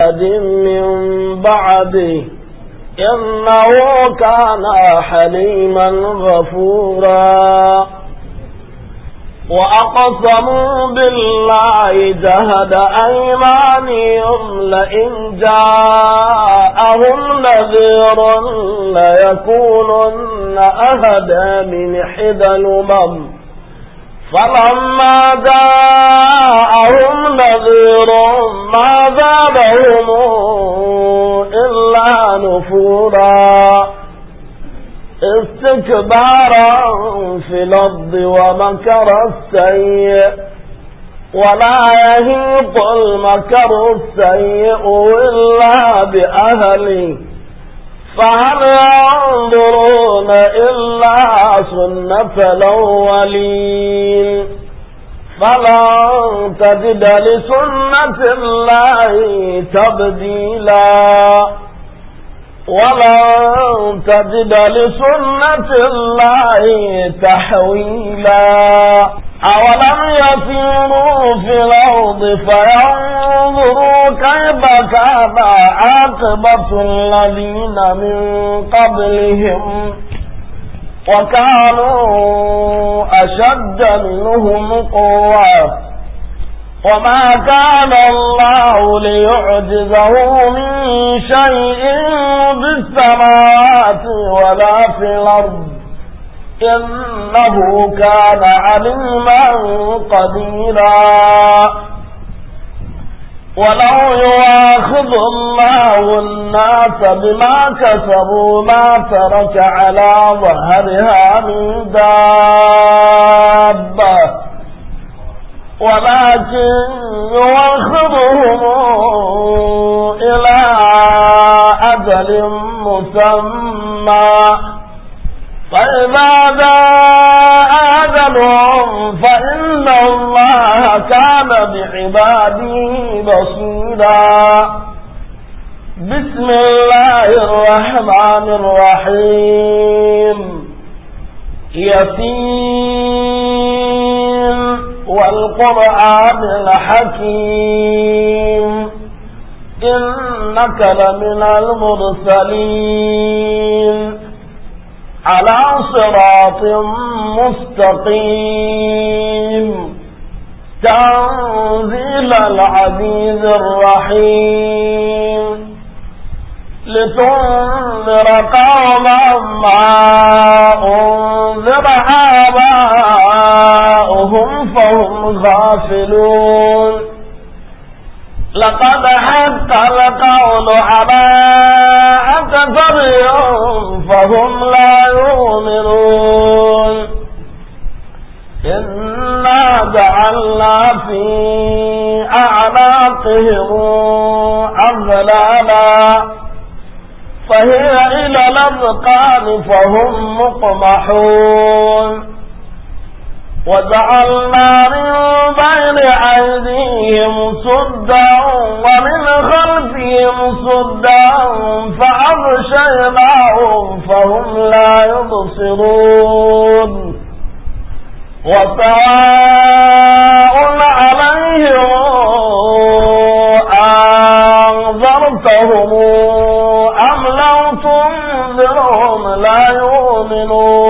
من بعده إنه كان حليما غفورا وأقسموا بالله جهد أيمانهم لئن جاءهم نذير ليكونن أهدى من حدى الأمم فلما جاءهم نذير ما زادهم إلا نفورا استكبارا في الأرض ومكر السيء ولا يهيط المكر السيء إلا بأهله فهل ينظرون إلا سنة الأولين فلن تجد لسنة الله تبديلا ولن تجد لسنة الله تحويلا أولم يسيروا في الأرض فينظروا كيف كان عاقبة الذين من قبلهم وكانوا أشد منهم قوة وما كان الله ليعجزه من شيء بالسماوات ولا في الأرض إنه كان عليما قديرا ولو يواخذ الله الناس بما كسبوا ما ترك على ظهرها من دابة ولكن يواخذهم إلى أجل مسمى فإذا جاء آذنهم فإن الله كان بعباده بصيرا بسم الله الرحمن الرحيم يسين والقرآن الحكيم إنك لمن المرسلين على صراط مستقيم تنزيل العزيز الرحيم لتنذر قوما ما أنذر آباؤهم فهم غافلون لقد حتى القول على أكثرهم فهم لا يؤمنون إنا جعلنا في أعناقهم أغلالا فهي إلى الأذقان فهم مقمحون وجعلنا من بين أيديهم سدا ومن خلفهم سدا فأغشيناهم فهم لا يبصرون وسواء عليهم أنذرتهم أم لم تنذرهم لا يؤمنون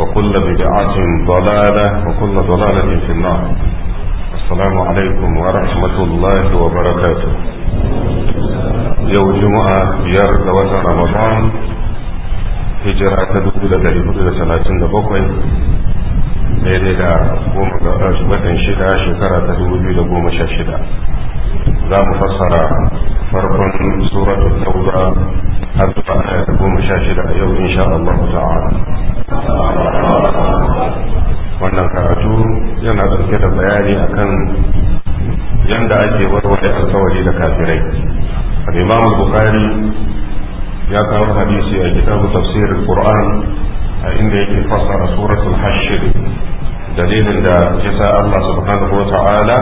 وكل بدعة ضلالة وكل ضلالة في النار السلام عليكم ورحمة الله وبركاته يوم جمعة بيار دوات رمضان هجرة تدود لدى حدود ثلاثين دبقوي daidai da goma ga watan shida shekara ta dubu biyu da goma sha shida za mu fassara farkon suratul tauba har zuwa ayar goma sha shida a yau insha Allah ta'ala wannan karatu yana ɗauke da bayani akan yadda ake warware alkawari da kafirai al-imam bukhari ya kawo hadisi a kitabu tafsirin al-qur'an a inda yake fassara suratul hashir dalilin da yasa Allah subhanahu wa ta'ala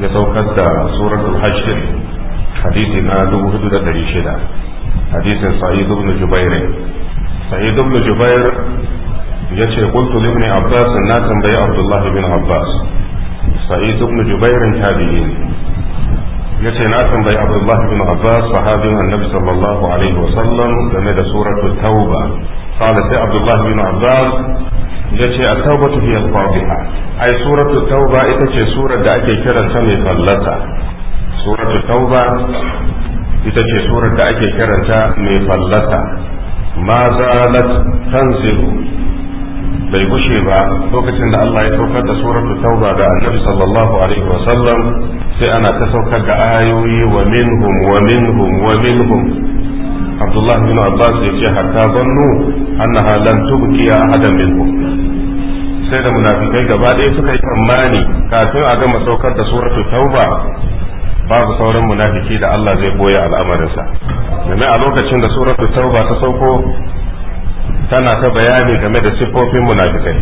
ya saukar da suratul hashir hadisi na 4600 hadisin sa'id ibn jubair sa'id ibn jubair yace qultu li abbas na tambayi abdullah ibn abbas sa'id ibn jubair tabi'i yace na tambayi abdullah ibn abbas sahabin annabi sallallahu alaihi wa sallam game da suratu tauba qala sai abdullah ibn abbas yace at-taubatu hiya al-fadiha ai suratu tauba ita ce surar da ake kiranta mai fallasa suratu tauba ita ce surar da ake ما زالت تنزل bai gushe ba lokacin da Allah ya saukar da suratul tauba ga annabi sallallahu alaihi wa sallam sai ana ta saukar da ayoyi wa minhum wa minhum wa minhum Abdullah bin Abbas ya ce hatta zannu annaha lan tubqi ahadan minhum sai da munafikai gaba ɗaya suka yi tsammani kafin a gama saukar da suratul tauba babu sauran munafiki da Allah zai boye al'amarinsa domin a lokacin da suratul tauba ta sauko tana ta bayani game da sifofin munafikai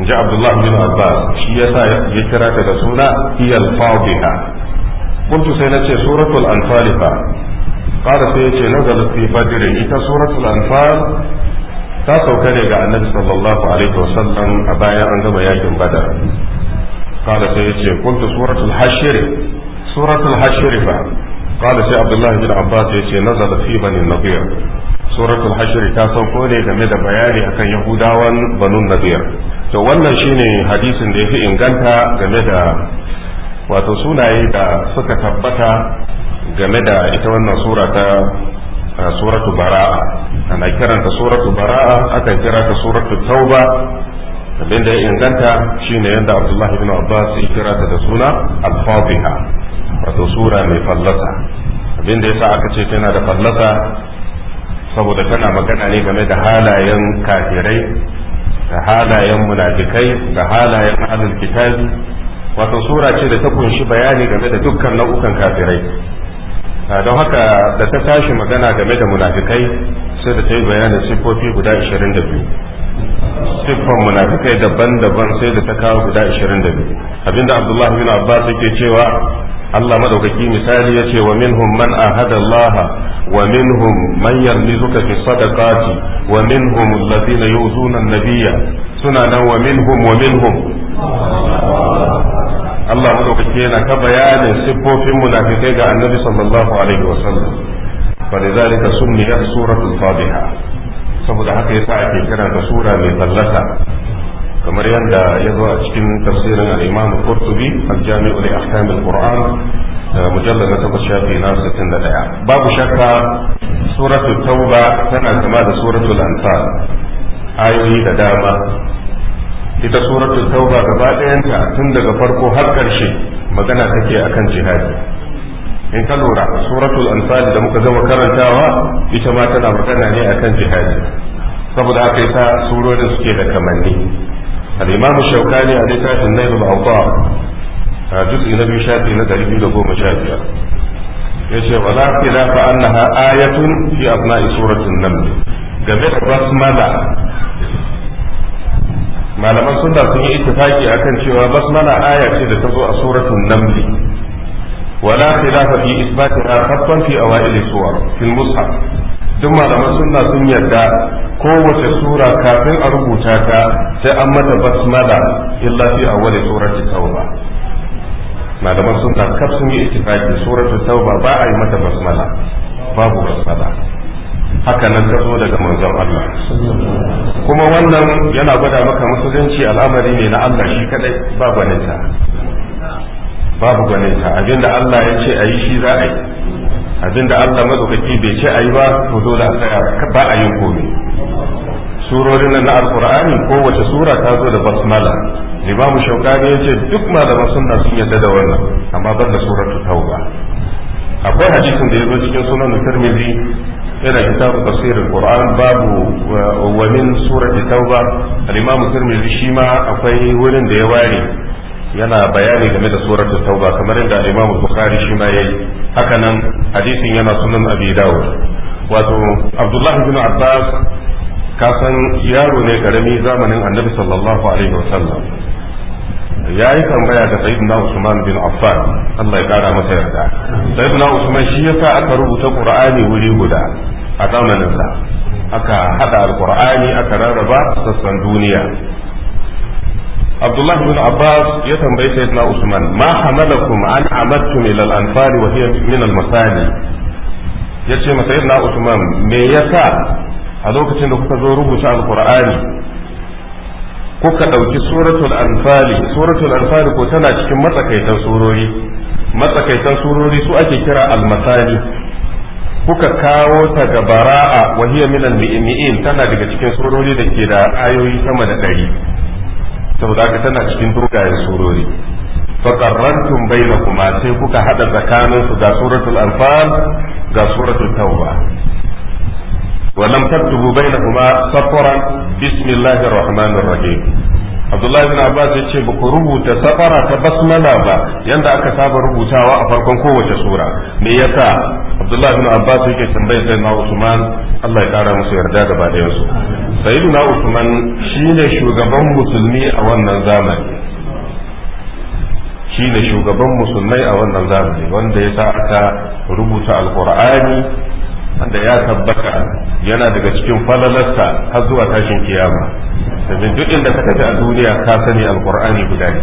in abdullahi bin abbas shi yasa ya kira ta da suna iyal fadiha kuntu sai na ce suratul anfal fa qala sai yace nazal fi fajr ita suratul anfal ta sauka ne ga annabi sallallahu alaihi wasallam a bayan an gama yakin badar qala sai yace kuntu suratul hashr suratul hashir fa qala sai abdullahi bin abbas yace nazala fi bani nadir suratul hashir ta sauko ne game da bayani akan yahudawan banu nadir to wannan shine hadisin da yafi inganta game da wato sunaye da suka tabbata game da ita wannan sura suratu bara'a ana kiranta suratu bara'a akan kira ta suratu tauba abin da ya inganta shine yadda abdullahi ibn abbas ya kirata da suna al wato sura mai fallasa abin da yasa aka ce tana da fallasa saboda tana magana ne game da halayen kafirai da halayen munafikai da halayen ahlul kitabi wato sura ce da ta kunshi bayani game da dukkan nau'ukan kafirai don haka da ta tashi magana game da munafikai sai da ta yi bayanin siffofi guda 22 siffan munafikai daban-daban sai da ta kawo guda 22 abinda abdullahi bin abbas yake cewa Allah maɗaukaki misali ya ce wa minhum man ahada Allah wa minhum man yarmizuka fi sadaqati wa minhum alladhina yu'zuna an-nabiyya suna nan wa minhum wa minhum Allah madaukaki yana ta bayanin siffofin munafikai ga Annabi sallallahu alaihi wa sallam fa lidhalika summiya suratul fadiha saboda haka sa ake kira da sura mai tsallaka kamar yadda ya zo a cikin tafsirin al-imam al-qurtubi al-jami'u li ahkam al-qur'an mujallad na takwas shafi na 61 babu shakka suratul tauba tana kama da suratul anfal ayoyi da dama ita suratul tauba gaba ɗayanta tun daga farko har ƙarshe magana take akan jihadi in ka lura suratul anfal da muka zama karantawa ita ma tana magana ne akan jihadi saboda haka yasa surorin suke da kamanni al-imam shaukani a littafin nailul awtar a juz'i na biyu shafi na dari biyu da goma sha biyar ya ce wala khilafa annaha ayatun fi abna'i suratul naml game da basmala malaman sunna sun yi a kan cewa basmala aya ce da ta zo a suratul naml wala khilafa fi isbatiha tun malaman suna sun yarda kowace sura kafin a rubuta ta sai an mata basmala illa fi awwali surati tauba malaman suna kaf sun yi ittifaqi suratu tauba ba a yi mata basmala babu basmala haka nan ta zo daga manzon Allah kuma wannan yana gwada maka musulunci al'amari ne na Allah shi kadai ba gwaninta babu gwaninta abinda Allah ya ce a yi shi za a yi abinda Allah mazaukaki bai ce a yi ba to dole a tsaya ba a yin komai surorin nan na alkur'ani kowace sura ta zo da basmala limamu shaukani ya ce duk malaman suna sun yadda da wannan amma ban da suratul tauba akwai hadisin da ya zo cikin sunan tirmidhi yana kitabu tafsirin qur'an babu wa min surati tauba al-imam tirmidhi shi ma akwai wurin da ya ware yana bayani game da surar da tauba kamar yadda al-Imam Bukhari shi ma yayi hakanan hadisin yana sunan Abi Dawud wato Abdullahi bin Abbas ka san yaro ne karami zamanin Annabi sallallahu alaihi wasallam ya yi tambaya da sayyidina Usman bin Affan Allah ya kara masa yarda sayyidina Usman shi yasa aka rubuta Qur'ani wuri guda a zamanin sa aka hada alqur'ani aka rarraba sassan duniya abdullah bin abbas ya tambayi sayyidina usman ma an amadtum ila al-anfal wa hiya min al-masani yace ma sayyidina usman me yasa a lokacin da kuka zo rubuta alqur'ani kuka ɗauki suratul anfal suratul anfal ko tana cikin matsakaitan surori matsakaitan surori su ake kira al kuka kawo ta ga bara'a wa hiya min tana daga cikin surori da ke da ayoyi sama da ɗari saboda haka tana cikin turkayen surori faƙarrantun baina kuma sai kuka haɗa tsakaninsu ga suratul anfal ga suratul tauba Wa تكتبوا بينهما سطرا بسم الله الرحمن الرحيم Abdullahi bin Abbas ya ce ku rubuta safara ta basmala ba yanda aka saba rubutawa a farkon kowace sura me yasa Abdullahi bin Abbas yake tambayar sai na Usman Allah ya kara musu yarda gaba da su sayyidina usman shine shugaban musulmi a wannan zamani shine shugaban musulmai a wannan zamani wanda ya sa aka rubuta alqur'ani wanda ya tabbata yana daga cikin falalarsa har zuwa tashin kiyama da duk inda ka tafi a duniya ka sani alqur'ani guda ne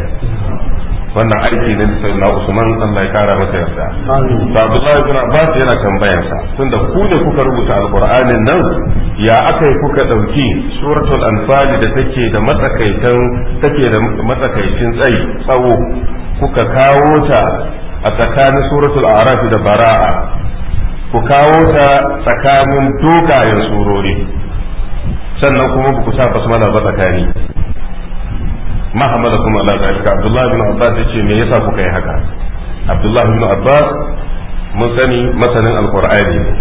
wannan aiki ne da sayyidina Usman Allah ya kara masa yarda da Abdullahi ibn Abbas yana tambayar sa tunda ku ne kuka rubuta alqur'anin nan ya aka yi kuka dauki suratul anfal da take da matsakaitan take da matsakaicin tsayi tsawo kuka kawo ta a tsakanin suratul a'raf da bara'a ku kawo ta tsakanin dogayen surori sannan kuma ku sa basmala ba tsakani ma hamada kuma ala zalika abdullahi ibn abbas yace me yasa kuka yi haka abdullahi ibn abbas mun sani masanin alqur'ani ne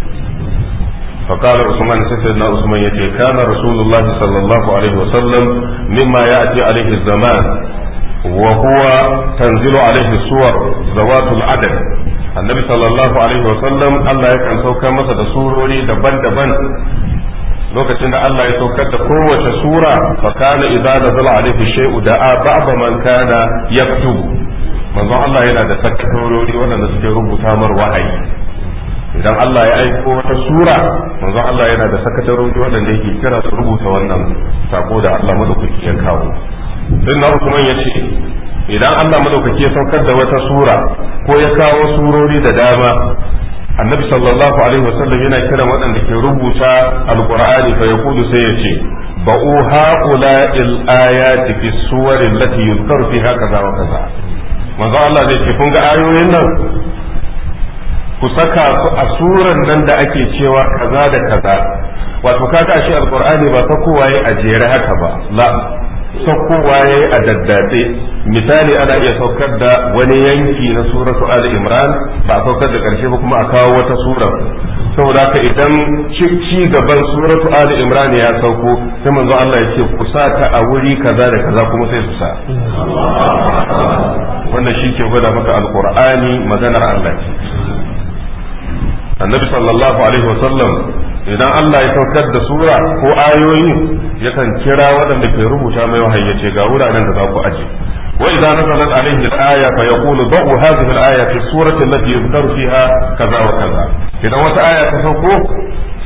fa usman sai na usman yace kana rasulullahi sallallahu alaihi wa sallam mimma ya'ti alaihi zaman wa huwa tanzilu alaihi suwar zawatul adad annabi sallallahu alaihi wa sallam Allah yakan sauka masa da surori daban-daban lokacin da Allah ya saukar da kowace sura fa kana idza nazala alaihi shay'u da'a ba'da man kana yaktubu manzon Allah yana da sakkatorori waɗanda suke rubuta mar wahayi idan Allah ya aiko wata sura manzon Allah yana da sakatarori waɗanda yake kira su rubuta wannan sako da Allah madaukaki ya kawo din na kuma ya ce idan Allah madaukaki ya saukar da wata sura ko ya kawo surori da dama annabi sallallahu alaihi wasallam yana kiran waɗanda ke rubuta alqur'ani fa yaqulu sai yace ba'u ha'ula'il ayati fi suwari allati yuzkaru fiha kaza wa kaza manzo Allah zai ce kun ga ayoyin nan ku saka su a suran nan da ake cewa kaza da kaza wato kaga shi alqur'ani ba ta kowaye a jere haka ba la saukowa waye a daddatse misali ana iya saukar da wani yanki na suratu Ali imran ba a saukar da karshe ba kuma a kawo wata sura saboda ka idan ci gaban suratu al imran ya sauko sai manzo Allah ya ce ku ta a wuri kaza da kaza kuma sai su sa wannan shi ke gwada maka alqur'ani maganar Allah ce annabi sallallahu alaihi idan Allah ya saukar da sura ko ayoyin yakan kira waɗanda ke rubuta mai wahayi ya ce ga wuraren da za ku aje wa idza nazalat alayhi al-aya fa yaqulu da'u hadhihi al-aya fi surati allati yuzkaru fiha kaza wa kaza idan wata aya ta sauko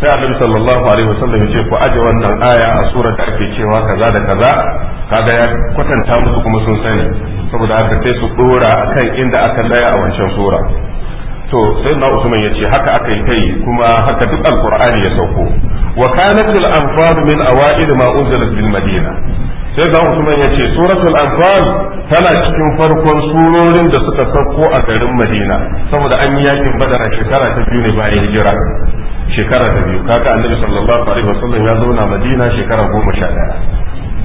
sai annabi sallallahu alaihi wasallam ya ce ku aje wannan aya a surar da ake cewa kaza da kaza kaga ya kwatanta musu kuma sun sani saboda haka sai su dora kan inda aka laya a wancan sura to sai na usman ya ce haka aka yi kai kuma haka duk alqur'ani ya sauko wa kanat al anfal min awaid ma unzilat bil madina sai na usman ya ce suratul anfal tana cikin farkon surorin da suka sauko a garin madina saboda an yi yakin badar shekara ta biyu ne bayan hijira shekara ta biyu kaga annabi sallallahu alaihi wasallam ya zauna madina shekara goma sha daya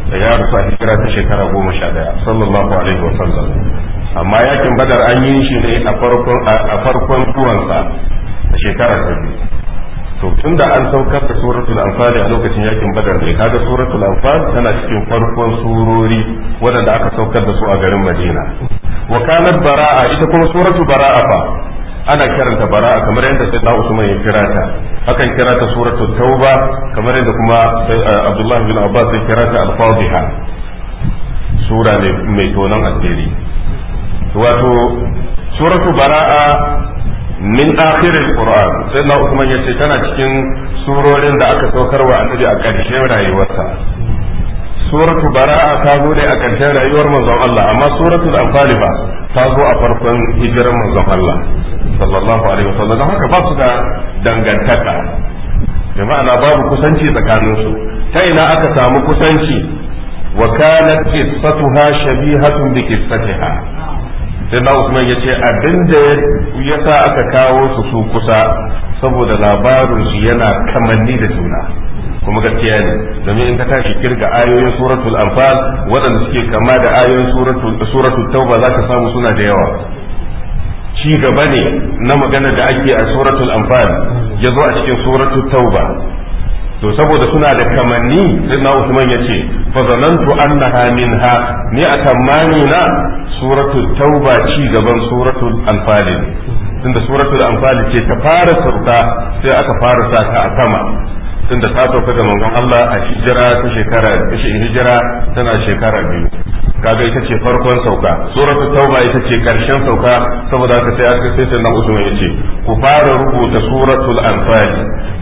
da ya rufa hijira ta shekara goma sha daya sallallahu alaihi wasallam amma yakin badar an yi shi ne a farkon zuwansa a shekarar ta to tun da an saukar da suratul anfal a lokacin yakin badar ne kaga suratul anfal tana cikin farkon surori waɗanda aka saukar da su a garin madina wa kanat bara'a ita kuma suratul bara'a fa ana kiranta bara'a kamar yadda sai da usman ya kira ta akan kira ta suratul tauba kamar yadda kuma eh, abdullahi bin abbas ya kira ta al-fadhiha sura mai tonon asiri wato suratu bara'a min akhirin qur'an sai na kuma yace tana cikin surorin da aka saukar wa annabi a ƙarshen rayuwarsa suratu bara'a ta zo dai a ƙarshen rayuwar manzon Allah amma suratu al anfal ba ta zo a farkon hijirar manzon Allah sallallahu alaihi wasallam don haka ba su da dangantaka Jama'a ma'ana babu kusanci tsakanin su ta ina aka samu kusanci wa kanat qissatuha shabihatun bi qissatiha sai na usman ya ce abin da ya sa aka kawo su su kusa saboda labarin su yana kamanni da juna kuma gaskiya ne domin in ka tashi kirga ayoyin suratul anfal waɗanda suke kama da ayoyin suratul tauba za ka samu suna da yawa ci gaba ne na magana da ake a suratul anfal ya zo a cikin suratul tauba to saboda suna da kamanni sai na Usman ya ce fa zanantu annaha minha ni a tamani na suratul tauba ci gaban suratul anfal tunda suratul anfal ce ta fara sauka sai aka fara sa ta a sama tunda ta sauka da manzon Allah a hijira ta shekara hijira tana shekara biyu kaga ita ce farkon sauka suratul tauba ita ce karshen sauka saboda haka sai aka sai sannan usman ce ku fara rubuta suratul anfal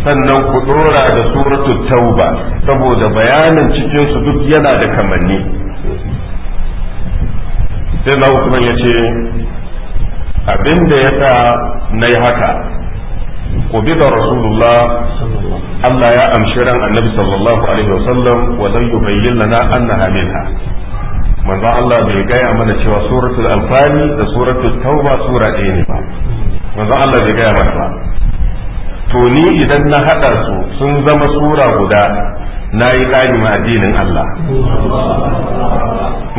sannan ku dora da suratul tauba saboda bayanin cikin su duk yana da kamanni sai na usman yace abinda yasa nayi haka bi قبض رسول allah ya amshi ran annabi صلى الله عليه وسلم ولن يبين لنا annaha minha manzon Allah bai gaya mana cewa suratul alfani da suratul tauba sura ɗaya ne ba manzon Allah bai gaya mana ba to ni idan na hada su sun zama sura guda na yi ma addinin Allah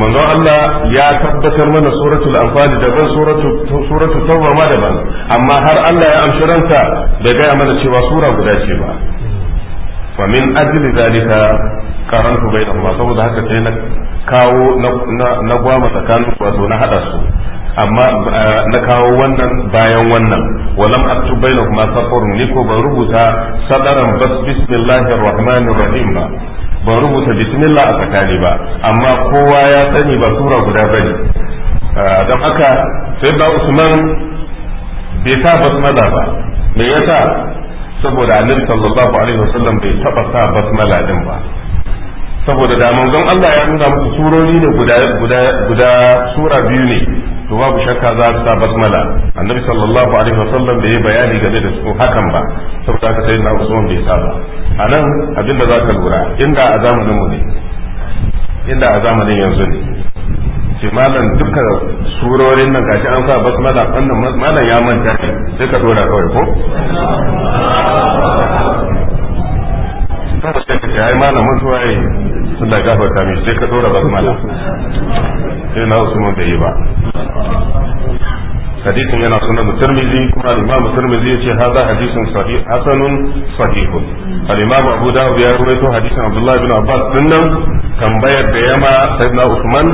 manzo Allah ya tabbatar mana suratul alfani daban suratul tauba ma daban amma har Allah ya amshi ranta bai gaya mana cewa sura guda ce ba fa min ajli zalika su bai da saboda haka sai na kawo na gwama tsakanin wato na hada su amma eh, na kawo wannan bayan wannan walam aktu kuma safarun ni ko ban rubuta sadaran bas bismillahir rahmanir rahim ba ban rubuta bismillah a tsakani ba amma kowa ya sani ba sura guda bane eh, don haka sai da usman bai sa basmala ba me yasa saboda annabi sallallahu alaihi wasallam bai taba sa basmala din ba saboda da manzon Allah ya nuna muku surori ne guda guda guda sura biyu ne to babu shakka za su sa basmala annabi sallallahu alaihi wasallam bai bayani game da su hakan ba saboda haka sai na Usman bai sa ba anan abin da zaka lura inda a zamanin mu ne inda a zamanin yanzu ne ce malam dukkan surorin nan gashi an sa basmala wannan malam ya manta sai ka dora kawai ko saboda ka ai malamin suwaye Allah ya gafarta mishi sai ka dora basmala sai na yi ba hadisin yana sunan kuma hadisin hasanun Abu ya ruwaito hadisin Abdullah bin Abbas nan tambayar da yama sayyidina Usman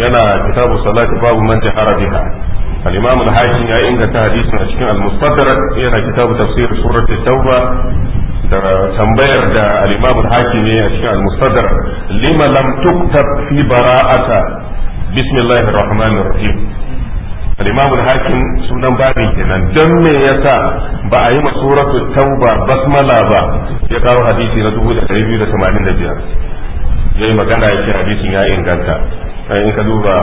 yana kitabu salati babu man jahara biha al al-Hakim ya inganta hadisin a cikin al-Mustadrak yana kitabu tafsir surati Tauba Da tambayar da al-Imam hakimi a cikin al-Mustadrak lima lam tuktab fi bara'ata bismillahir rahmanir rahim al-Imam sunan babin kenan dan me yasa ba a yi masuratu tauba basmala ba ya kawo hadisi na 2285 yayi magana yake hadisin ya inganta in ka duba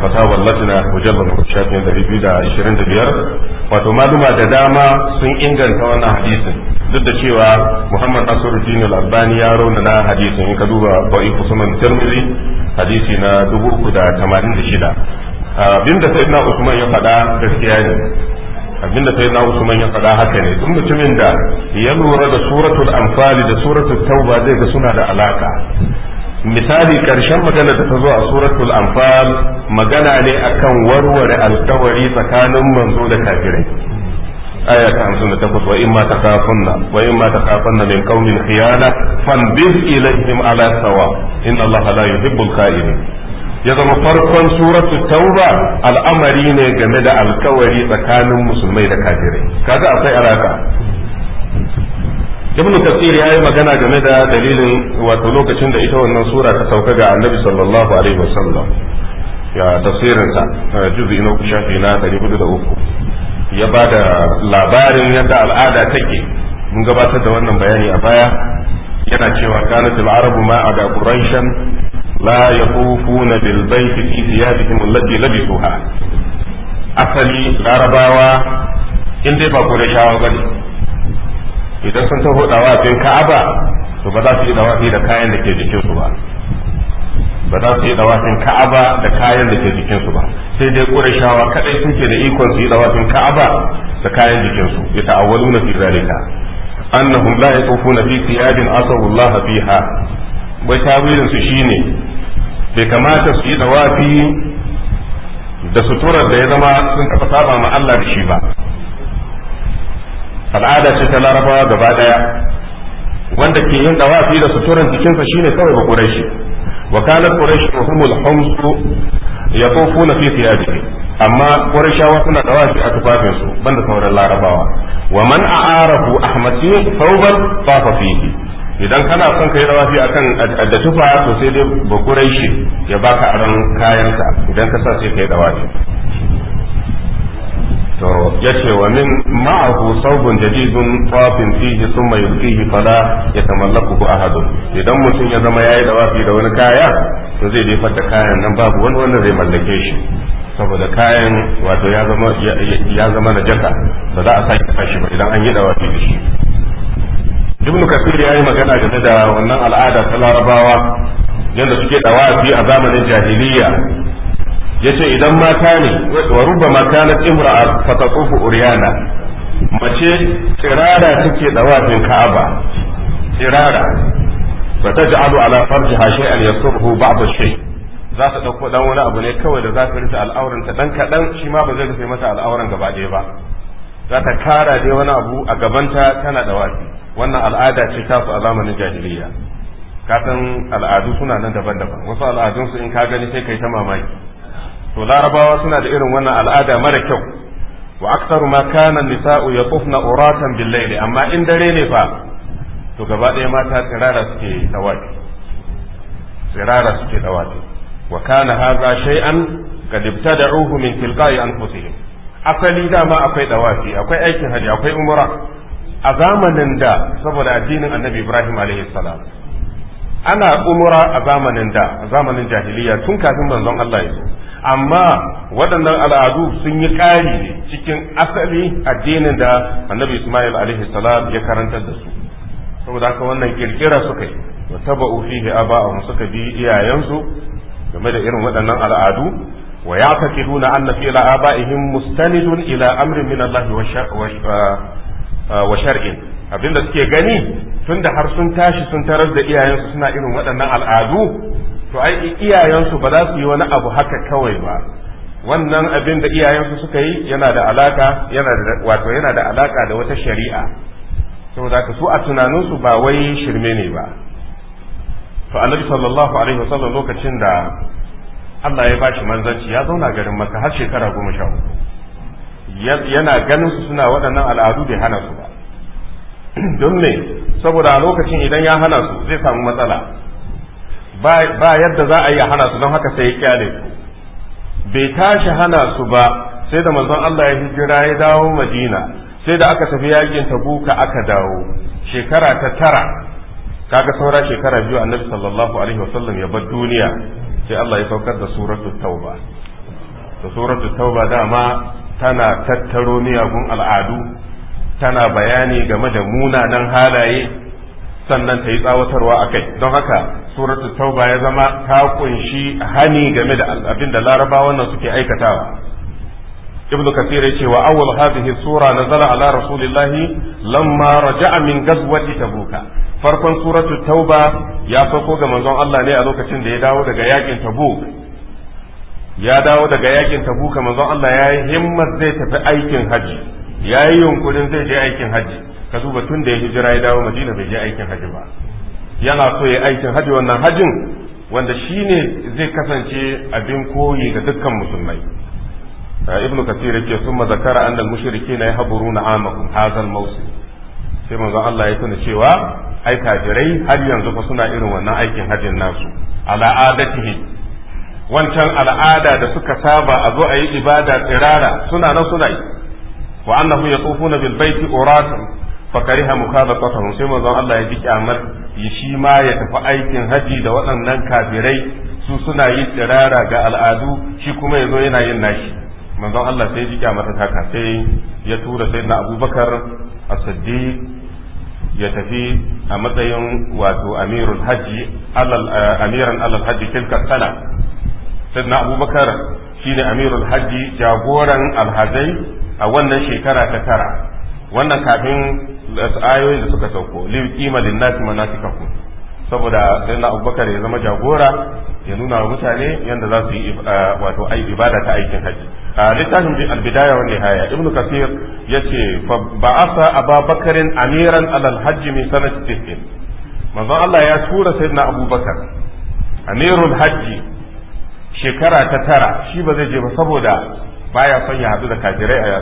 fatawar latina mujallar shafin da biyu da ashirin da biyar wato maluma da dama sun inganta wannan hadisin duk da cewa muhammad Nasiru al-albani ya raunana hadisin in ka duba ba'ifu sunan tirmidhi hadisi na dubu uku da tamanin da shida ah, abinda sayyidina usman ya faɗa gaskiya ne Binda sayyidina usman ya faɗa haka ne duk mutumin da ya lura da suratul anfali da suratul tauba zai ga suna da alaka misali karshen magana da ta zo a suratul anfal magana ne akan warware alkawari tsakanin manzo da kafirai aya ta hamsin da takwas wa imma ta kafanna wa imma ta kafanna min qaumin khiyana fanbir ilaihim ala sawa Inna allaha la yuhibbul kha'inin ya zama farkon suratu tauba al'amari ne game da alkawari tsakanin musulmai da kafirai kaga akwai alaka ibn kasir ya yi magana game da dalilin wato lokacin da ita wannan sura ta sauka ga annabi sallallahu alaihi wasallam ya tafsirinsa eh, juzi ina uku shafi na ɗari hudu da uku ya ba da labarin yadda al'ada take mun gabatar da wannan bayani a baya yana cewa kanat al-arabu ma ada quraishan la yaqufuna bil bayt fi thiyabihim allati labisuha asali larabawa in dai ba qurayshawa bane idan sun taho dawafin ka'aba to ba za su yi dawafi da kayan da ke jikinsu ba ba za su yi dawafin ka'aba da kayan da ke jikinsu ba sai dai ƙurashawa kadai suke da ikon su yi dawafin ka'aba da kayan jikinsu ya ta'awwalu na fi zalika annahum la na fi thiyabin asallaha fiha wai tawilin su shine bai kamata su yi dawafi da suturar da ya zama sun taɓa saba ma Allah da shi ba al'ada ce ta larabawa gaba daya wanda ke yin ɗawafi da suturan jikinsa shine kawai ba quraishi wa kana quraish humul humsu na fi thiyabihi amma qurayshawa suna ɗawafi a tufafinsu su banda sauran larabawa wa man a'arafu ahmadi sauban tafa fihi idan kana son kai dawafi akan da tufa to sai dai ba shi ya baka aron kayanka idan ka sa sai kai ɗawafi. to yace wa min ma'ahu saubun jadidun tafin fihi thumma yulqihi fala yatamallakuhu ahadun idan mutum ya zama yayi dawafi da wani kaya to zai jefar da kayan nan babu wani wanda zai mallake shi saboda kayan wato ya zama ya zama ba za a sake tashi ba idan an yi dawafi da shi ibnu kafir ya yi magana game da wannan al'adar ta larabawa yadda suke dawafi a zamanin jahiliya yace idan mata ne wa na kanat a Fatakufu uryana mace tsirara take dawafin ka'aba tsirara fataj'alu ala farjiha shay'an yasurhu ba'd shay za ta dauko dan wani abu ne kawai da za ta rufe al'auran ta dan kaɗan shi ma ba zai rufe mata al'auran gaba ɗaya ba za ta kara dai wani abu a gabanta tana da dawafi wannan al'ada ce ta su a zamanin jahiliya ka san al'adu suna nan daban-daban wasu al'adunsu in ka gani sai kai ta mamaki to larabawa suna da irin wannan al'ada mara kyau wa aktaru ma kana nisa'u yatufna uratan bil layli amma in dare ne fa to gaba ɗaya mata tsirara suke dawaki tsirara suke dawaki wa kana hadha shay'an qad ibtada'uhu min tilqa'i anfusihim asali dama akwai dawafi akwai aikin haji akwai umra a zamanin da saboda addinin annabi ibrahim alaihi salam ana umura a zamanin da a zamanin jahiliya tun kafin manzon Allah ya zo amma waɗannan al'adu sun yi ƙari ne cikin asali addinin da annabi ismail alaihi salam ya karantar da su saboda haka wannan kirkira suka yi wa taba'u fihi aba'ahum suka bi iyayensu game da irin waɗannan al'adu wa ya'taqiduna anna fi'la aba'ihim mustanidun ila amrin min Allah wa shar'in abinda suke gani tunda har sun tashi sun tarar da iyayensu suna irin waɗannan al'adu to ai iyayensu ba za su yi wani abu haka kawai ba wannan abin da iyayensu suka yi yana da alaka yana da wato yana da alaka da wata shari'a saboda ka su a tunaninsu ba wai shirme ne ba to annabi sallallahu alaihi wasallam lokacin da Allah ya bashi manzanci ya zauna garin Makka har shekara goma sha uku yana ganin su suna waɗannan al'adu bai hana su ba don ne saboda a lokacin idan ya hana su zai samu matsala ba yadda za a yi hana su don haka sai ya kyale su bai tashi hana su ba sai da manzon Allah ya hijira ya dawo Madina sai da aka tafi yakin Tabuka aka dawo shekara ta tara kaga saura shekara biyu annabi sallallahu alaihi wasallam ya bar duniya sai Allah ya saukar da suratul tauba da suratul tauba dama tana tattaro miyagun al'adu tana bayani game da munanan halaye sannan ta yi tsawatarwa a kai don haka suratu tauba ya zama ta kunshi hani game da abin da Laraba wannan suke aikatawa ibnu kasir yace wa awwal hadhihi sura nazala ala rasulillahi lamma raja'a min ghazwati tabuka farkon suratu tauba ya sauko ga manzon Allah ne a lokacin da ya dawo daga yakin tabuk ya dawo daga yakin tabuka manzon Allah ya yi himmar zai tafi aikin haji ya yi yunkurin zai je aikin haji ka duba tun da ya hijira ya dawo madina bai je aikin haji ba yana so ya aikin haji wannan hajin wanda shi ne zai kasance abin koyi ga dukkan musulmai ah, ibn kasir yake sun zakara annal mushriki na yahaburu na amakum hazan mausim sai manzo Allah ya tuna cewa ai kafirai har yanzu fa suna irin wannan aikin hajin nasu ala adatihi wancan al'ada da suka saba a zo a yi ibada tsirara suna nan suna yi wa annahu yatufuna bil baiti uratan fa kariha mukhabaqatuhum sai manzon Allah ya ji kyamar shi ma ya tafi aikin haji da waɗannan kafirai su suna yin tsirara ga al'adu shi kuma ya zo yana yin nashi manzon Allah sai ya ji kyamar haka sai ya tura sai na Abubakar a Sadi ya tafi a matsayin wato amirul haji alal eh, amiran alal haji tilka sana na Abubakar shi ne amirul haji jagoran alhazai a wannan shekara ta tara wannan kafin ayoyin da suka sauko lil qima ma nas manasikakum saboda na abubakar ya zama jagora ya nuna wa mutane yadda za su yi eh, wato ibada ta aikin haji a littafin albidaya wa nihaya ibnu kasir yace fa ba'asa ababakarin amiran alal hajji min sanati tis'in manzon Allah ya tura sayyidina abubakar amirul hajji shekara ta tara shi ba zai je ba saboda baya son ya hadu da kafirai a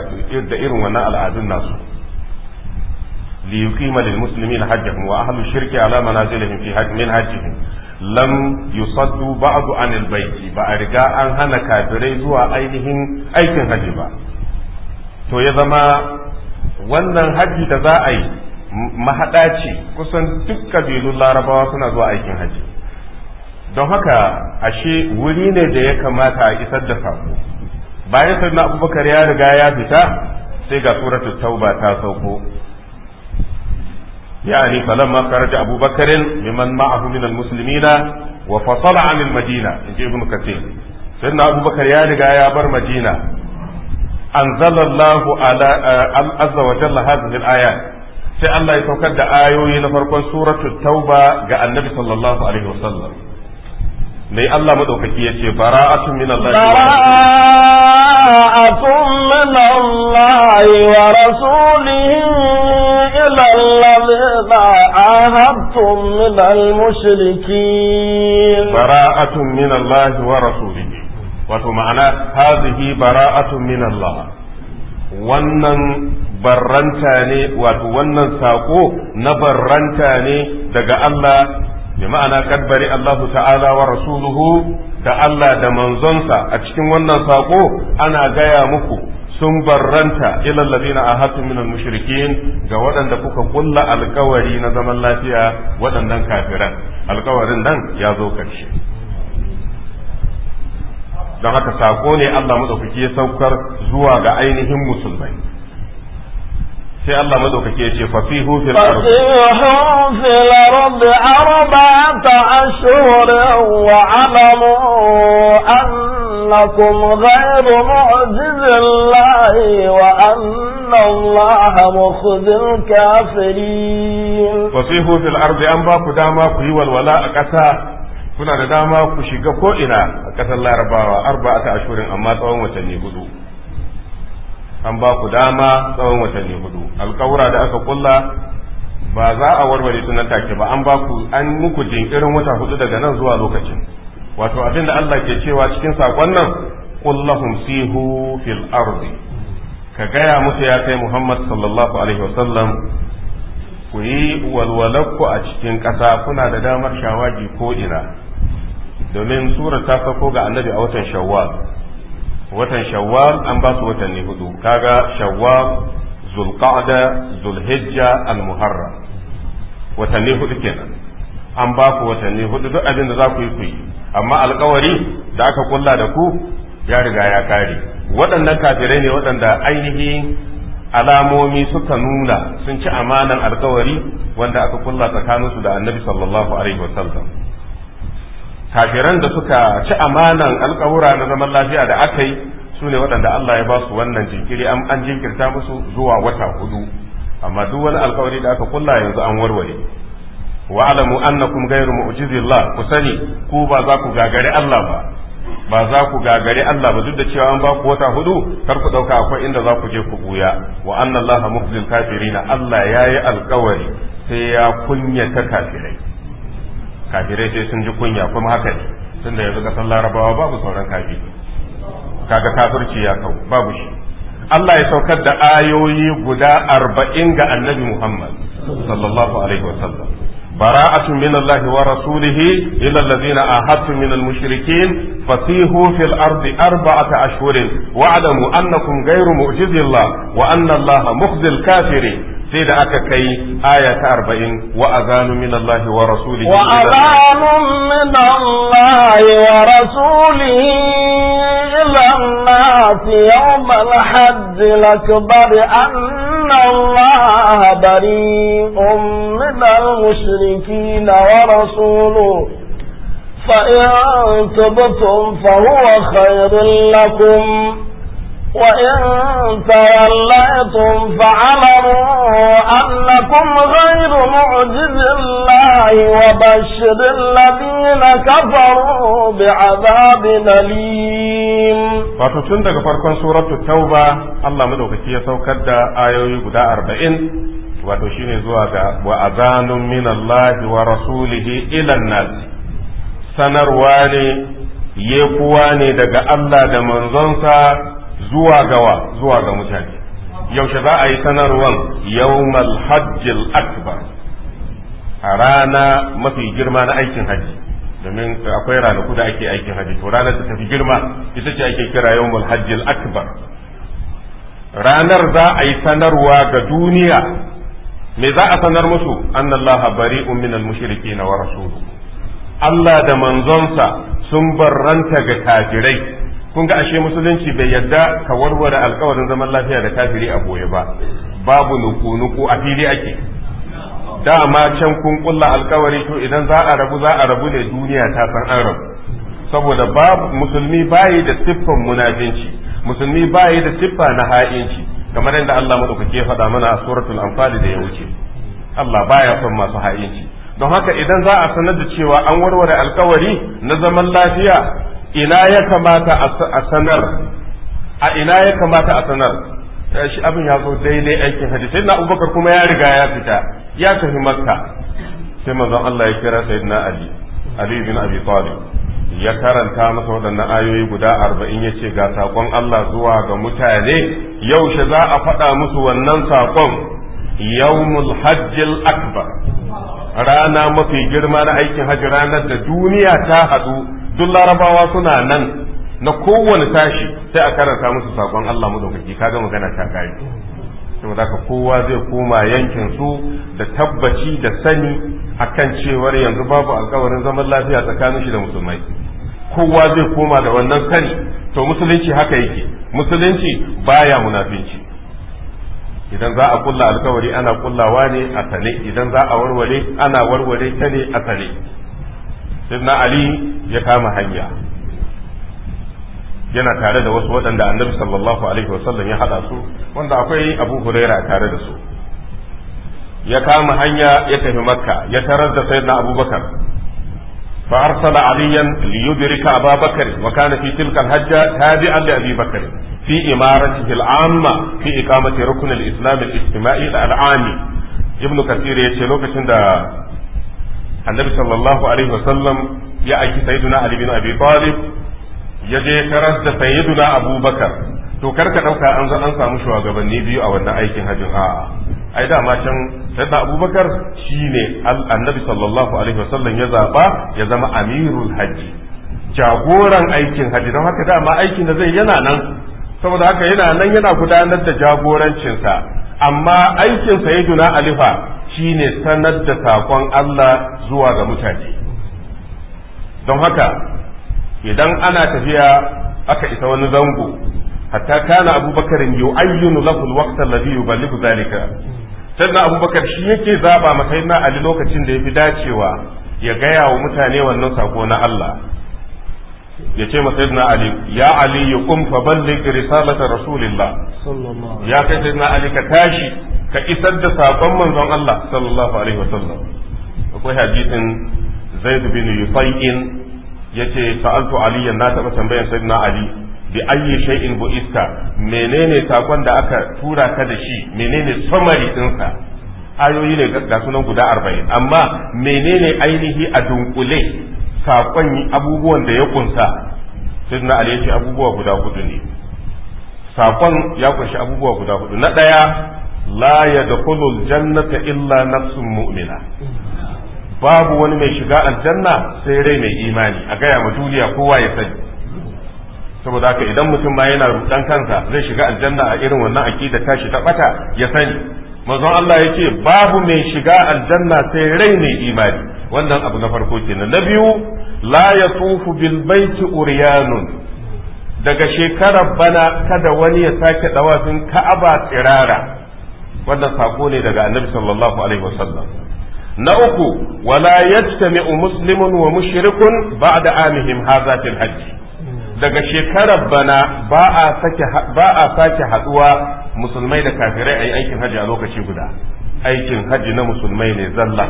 da irin wannan al'adun nasu ليقيم للمسلمين حجهم وأهل الشرك على منازلهم في حج من حجهم لم يصدوا بعض عن البيت بأرجاء أنهن كافرين زوا أيهم أي ba. to ya zama wannan haji da za a yi mahaɗa kusan duk kabilun larabawa suna zuwa aikin haji don haka ashe wuri ne da ya kamata a isar da sako bayan sannan abubakar ya riga ya fita sai ga suratul tauba ta sauko يعني فلما خرج أبو بكر ممن معه من المسلمين وفصل عن المدينة يجي ابن كثير سيدنا أبو بكر يا رجاء يا بر مدينة أنزل الله على عز وجل هذه الآيات sai Allah ya saukar da ayoyi na farkon suratul tauba ga annabi sallallahu alaihi wasallam mai Allah madaukaki yace bara'atun min Allah bara'atun min Allah wa rasulihi إلى الذين عاهدتم من المشركين براءة من الله ورسوله وتمعنى هذه براءة من الله wannan barranta ne wato wannan sako na barranta ne daga Allah bi ma'ana kadbari Allahu ta'ala wa rasuluhu da Allah da manzonsa a cikin wannan sako ana gaya muku sun barranta ilal ladina ahadtum minal mushrikin ga waɗanda kuka kulla alkawari na zaman lafiya waɗannan kafiran alkawarin nan ya zo karshe. don haka sako ne Allah madaukaki ya saukar zuwa ga ainihin musulmai sai Allah madaukake ya ce fasihu fil ardi fasihu fil ardi arba'ata ashhurin wa alamu annakum ghayru mu'jizillahi wa anna Allah mukhzil kafirin fasihu fil ardi an ba ku dama ku yi walwala a ƙasa kuna da dama ku shiga ko ina a ƙasar larabawa arba'ata ashhurin amma tsawon watanni hudu an ba ku dama tsawon watanni hudu alkawura da aka kulla ba za a warware su nan take ba an ba ku an muku jinkirin wata hudu daga nan zuwa lokacin wato abin da Allah ke cewa cikin sakon nan kullahum sihu fil ardi ka gaya musu ya kai Muhammad sallallahu alaihi wasallam ku yi walwalakku a cikin ƙasa kuna da damar shawagi ko ina domin sura ta sako ga annabi a watan shawwal watan shawwal an ba su watanni hudu kaga shawwal zulqa'da zulhijja al-muharram watanni hudu kenan an ba ku watanni hudu duk abin da za ku yi ku yi amma alkawari da aka kulla da ku ya riga ya kare waɗannan kafirai ne waɗanda ainihin alamomi suka nuna sun ci amanan alkawari wanda aka kulla tsakaninsu da annabi sallallahu alaihi wasallam kafiran da suka ci amanan alkawura na zaman lafiya da aka yi su ne waɗanda Allah ya ba su wannan jinkiri an jinkirta musu zuwa wata hudu amma duk wani alkawari da aka kulla yanzu an warware wa alamu annakum ghayru mu'jizillah ku sani ku ba za ku gagari Allah ba ba za ku gagari Allah ba duk da cewa an ba ku wata hudu kar ku dauka akwai inda za ku je ku buya wa annallaha Allah kafirina Allah yayi alkawari sai ya kunyata kafirai kafirai sai sun ji kunya kuma haka ne tun da yanzu kasan larabawa babu sauran kafi kaga kafirci ya kau babu shi Allah ya saukar da ayoyi guda arba'in ga annabi Muhammad sallallahu alaihi wa sallam bara'atun min Allah wa rasulihi ila allazina ahadtu min al-mushrikeen fasihu fil ardi arba'ata ashhurin wa'lamu annakum ghayru mu'jizillah wa anna Allah mukhzil kafirin sai da aka kai aya ta arba'in wa azanu min Allah wa rasuli wa azanu min Allah wa rasulihi ila الناس يوم الحج الأكبر أن الله بريء من wa rasulu فإن تبتم فهو خير لكم وإن توليتم فاعلموا أنكم غير معجز الله وبشر الذين كفروا بعذاب أليم فتتون دقى فرقان سورة التوبة الله مدوك كي يسوكد آيوي قداء أربعين وتشيني زواجا وأذان من الله ورسوله إلى الناس sanarwa يقواني yekuwa الله daga zuwa gawa zuwa ga mutane yaushe za a yi sanarwar yawmal hajjil akbar a rana mafi girma na aikin haji domin akwai ranaku da ake aikin haji to ranar da tafi girma ita ce ake kira yawmal hajjil akbar ranar za a yi sanarwa ga duniya me za a sanar musu annallaha bari'un minal mushiriki wa rasuluhu Allah da manzonsa sun barranta ga kafirai kun ga ashe musulunci bai yadda ka warware alkawarin zaman lafiya da kafiri a boye ba babu nuku-nuku a fili ake dama can kun kulla alkawari to idan za a rabu za a rabu ne duniya ta san an rabu saboda babu musulmi bayi da siffan munafinci musulmi bayi da siffa na ha'inci kamar yadda Allah madaukake ya faɗa mana a suratul anfal da ya wuce Allah baya son masu ha'inci don haka idan za a sanar da cewa an warware alkawari na zaman lafiya ina ya kamata a sanar a ina ya kamata a sanar shi abin ya zo daidai aikin hadisi na abubakar kuma ya riga ya fita ya tafi makka sai manzon Allah ya kira sayyidina ali ali bin abi talib ya karanta masa waɗannan ayoyi guda arba'in ya ce ga sakon Allah zuwa ga mutane yaushe za a faɗa musu wannan saƙon yawmul hajjil akbar rana mafi girma na aikin hajji ranar da duniya ta haɗu duk larabawa suna nan na kowane tashi sai a karanta musu sakon Allah mu ka kaga magana ta kare saboda haka kowa zai koma yankin su da tabbaci da sani akan cewar yanzu babu alkawarin zaman lafiya tsakanin shi da musulmai kowa zai koma da wannan sani to musulunci haka yake musulunci baya munafunci. idan za a kulla alkawari ana kullawa ne a sane idan za a warware ana warware ta ne a sane sayyidina ali ya kama hanya yana tare da wasu waɗanda annabi sallallahu alaihi wasallam ya haɗa su wanda akwai abu huraira tare da su ya kama hanya ya tafi makka ya tarar da sayyidina abubakar fa arsala aliyan li yudrika ababakar wa kana hajja tilka alhajja tabi'an li abi bakr fi imaratihi al'amma fi iqamati rukn al-islam al-ijtima'i al-ami ibn ya ce lokacin da annabi sallallahu alaihi wasallam ya aiki sayyiduna ali bin abi talib ya je karas da sayyiduna abubakar to kar ka dauka an zo an samu shugabanni biyu a wannan aikin hajjin a'a ai ma can sayyidina abubakar shine annabi sallallahu alaihi wasallam ya zaba ya zama amirul hajji jagoran aikin hajji don haka dama aikin da zai yana nan saboda haka yana nan yana gudanar da jagorancinsa amma aikin sayyiduna alifa shine sanar da saƙon Allah zuwa ga mutane don haka idan ana tafiya aka isa wani zango hatta kana abubakar yu'ayyinu lahu alwaqta alladhi yuballighu zalika na abubakar shi yake zaba masa na ali lokacin da yafi dacewa ya gaya wa mutane wannan sako na Allah ya ce masa sayyidina ali ya ali ya kum fa balligh risalata rasulillah ya kai sayyidina ali ka tashi ka isar da sabon manzon Allah sallallahu alaihi wasallam akwai hadisin zaid in. Ya ce sa'altu ya na taɓa tambayar sayyidina ali bi ayyi shay'in bu iska menene sakon da aka tura ka da shi menene summary dinsa ayoyi ne ga sunan guda arba'in amma menene ainihi a dunkule saƙon abubuwan da ya kunsa sai na ali ya ce abubuwa guda hudu ne saƙon ya kunshi abubuwa guda hudu na ɗaya la ya da jannata illa nafsun mu'mina babu wani mai shiga aljanna sai rai mai imani a gaya ma duniya kowa ya sani saboda haka idan mutum ma yana rudan kansa zai shiga aljanna a irin wannan akida tashi ta bata ya sani manzon Allah ya ce babu mai shiga aljanna sai rai mai imani wannan abu na farko kenan na biyu la tufu bil baiti uryanun daga shekarar bana kada wani ya sake dawafin ka'aba tsirara wannan sako ne daga annabi sallallahu alaihi wasallam na uku wala yajtami'u muslimun wa mushrikun ba'da amihim hadha fil hajj daga shekarar bana ba a sake ba a sake haduwa musulmai da kafirai a yi aikin haji a lokaci guda aikin haji na musulmai ne zalla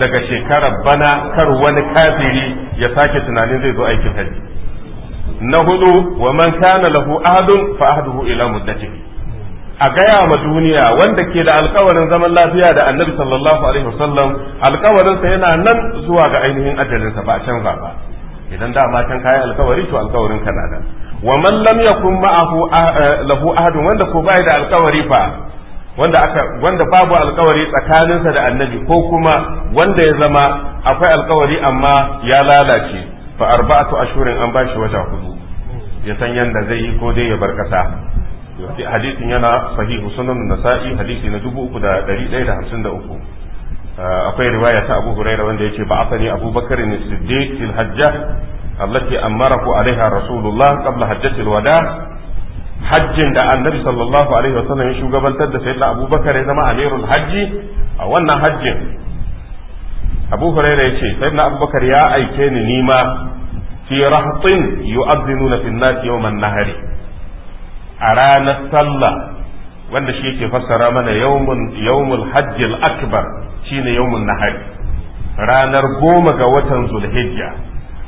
daga shekarar bana kar wani kafiri ya sake tunanin zai zo aikin hajji na hudu wa man kana lahu ahdun fa ahduhu ila muddati a gaya ma duniya wanda ke da alkawarin zaman lafiya da annabi sallallahu alaihi wasallam sa yana nan zuwa ga ainihin sa ba can canza ba idan da ma can kai alkawari to alkawarin ka da wa man lam yakun ma'ahu eh, lahu ahadun wanda ko bai da alkawari fa wanda aka wanda babu alkawari tsakaninsa da annabi ko kuma wanda ya zama akwai alkawari amma ya lalace fa arba'atu ashurin an bashi wata hudu ya san yanda zai yi ko dai ya bar kasa hadisin yana sahihu sunan nasa'i hadisi na 3153 akwai riwaya ta Abu Hurairah wanda yake ba asani Abu Bakar ne Siddiq al-Hajjah allati ku alaiha Rasulullah qabla hajjatil wada' hajjin da annabi sallallahu alaihi wasallam ya shugabantar da sayyidina abubakar ya zama amirul hajji a wannan hajjin abu ya ce sayyidina abubakar ya aike ni nima fi rahtin yu'adhdhinuna fi an-nas yawman nahari a ranar sallah wanda shi yake fassara mana yawmun yawmul hajj al-akbar shine yawmun nahari ranar goma ga watan zulhijja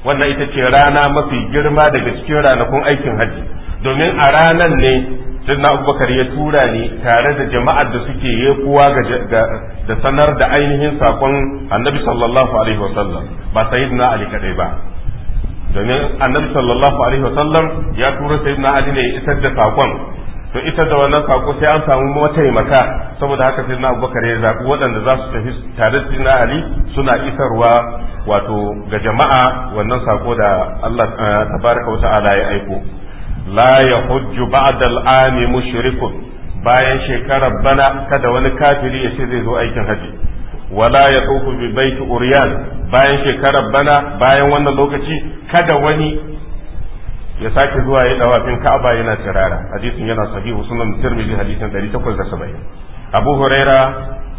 wannan ita ce rana mafi girma daga cikin ranakun aikin hajji domin a ranar ne sayyidina abubakar ya tura ni tare da jama'ar da suke yekuwa da sanar da ainihin sakon annabi sallallahu alaihi wasallam ba sayyidina ali kadai ba domin annabi sallallahu alaihi wasallam ya tura sayyidina ali ne isar da sakon to ita da wannan sako sai an samu mataimaka saboda haka sai na abubakar ya zaɓi waɗanda za su tafi tare da na ali suna isarwa wato ga jama'a wannan sako da allah eh, tabaraka wa ta'ala ya aiko la يحج بعد al'ami مشرك bayan shekarar bana kada wani kafiri ya ce zai zo aikin haji wala ya tsofu bi baiti uriyan bayan shekarar bana bayan wannan lokaci kada wani ya sake zuwa ya dawafin ka'aba yana tirara hadisin yana sahihu sunan tirmidhi hadisin 870 abu huraira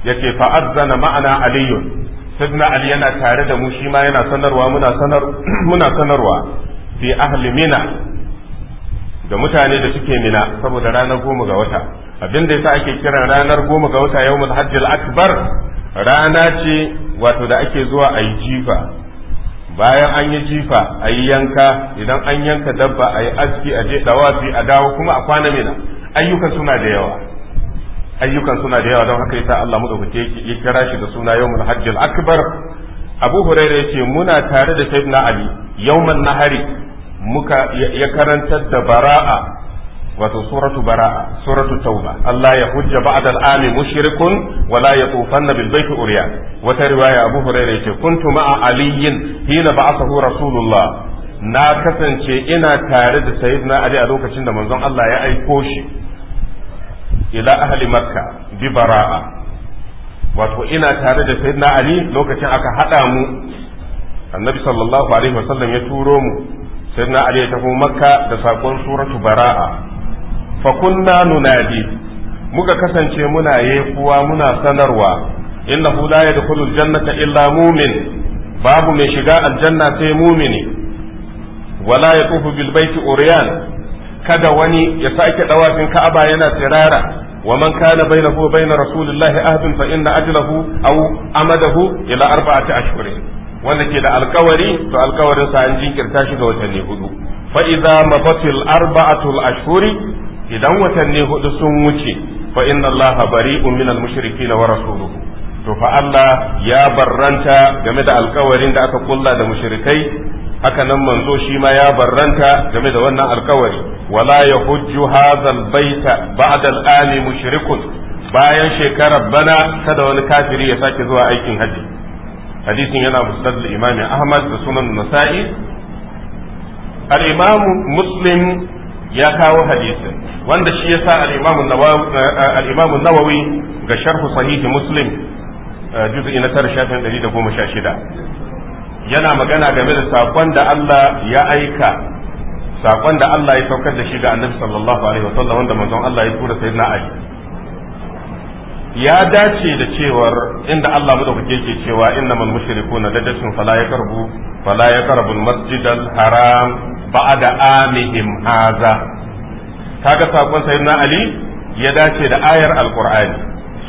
yake fa'azzana ma'ana aliyun sidna ali yana tare da mu shi ma yana sanarwa muna sanar muna sanarwa fi ahli mina da mutane da suke mina saboda ranar goma ga wata abin da yasa ake kiran ranar goma ga wata yau hajjil akbar rana ce wato da ake zuwa a yi jifa bayan an yi jifa ayi yanka idan an yanka dabba ayi yi aski a je dawafi a dawo kuma a kwana mina ayyukan suna da yawa ayyukan suna da yawa don haka yasa Allah madaukake ya kira shi da suna yawmul hajjil akbar Abu Hurairah yace muna tare da Sayyidina Ali yawman nahari muka ya karantar da bara'a wato suratu bara'a suratu tauba Allah ya hujja ba'da al'ami mushrikun wala la yatufanna bil baiti uriya wata riwaya Abu Hurairah yace kuntu ma'a Aliyin hina ba'athahu Rasulullah na kasance ina tare da sayyidina Ali a lokacin da manzon Allah ya aiko shi ila ahli makka bi bara'a wato ina tare da sayyidina Ali lokacin aka hada mu annabi sallallahu alaihi wasallam ya turo mu sayyidina ali ya tafi makka da sakon suratu bara'a fa kunna nunadi muka kasance muna yekuwa muna sanarwa innahu la yadkhulul jannata illa mu'min babu mai shiga aljanna sai mumini wala yatufu bil baiti uryan kada wani ya sake dawafin ka'aba yana tsirara ومن na بينه وبين رسول الله عهد فإن أجله أو أمده arba'a أربعة أشهر wanda ke da alkawari to alkawarin sa an jinkirta shi ga watanni hudu fa idza mabatil arba'atul ashhuri idan watanni hudu sun wuce fa inna allaha bari'un minal mushrikin wa rasuluhu to fa Allah ya barranta game da alkawarin da aka kulla da mushrikai haka nan manzo shi ma ya barranta game da wannan alkawari wala yahujju hazal baita ba'da al'ani mushrikun bayan shekarar bana kada wani kafiri ya sake zuwa aikin hajji. hadisin yana musnad da imami ahmad da sunan nasa'i al-imam muslim ya kawo hadisin wanda shi yasa al-imam eh, al nawawi ga sharhu sahih muslim eh, juz'i na tara shafin 116 yana magana game da sakon da Allah ya aika sakon da Allah ya saukar da shi ga annabi sallallahu alaihi wanda Allah ya tura sayyidina ya dace da cewar inda Allah madaukake ke cewa mushriku na najasun fala ya karbu fala ya al-masjidal haram ba'da amihim haza kaga sakon sayyidina ali ya dace da ayar alqur'ani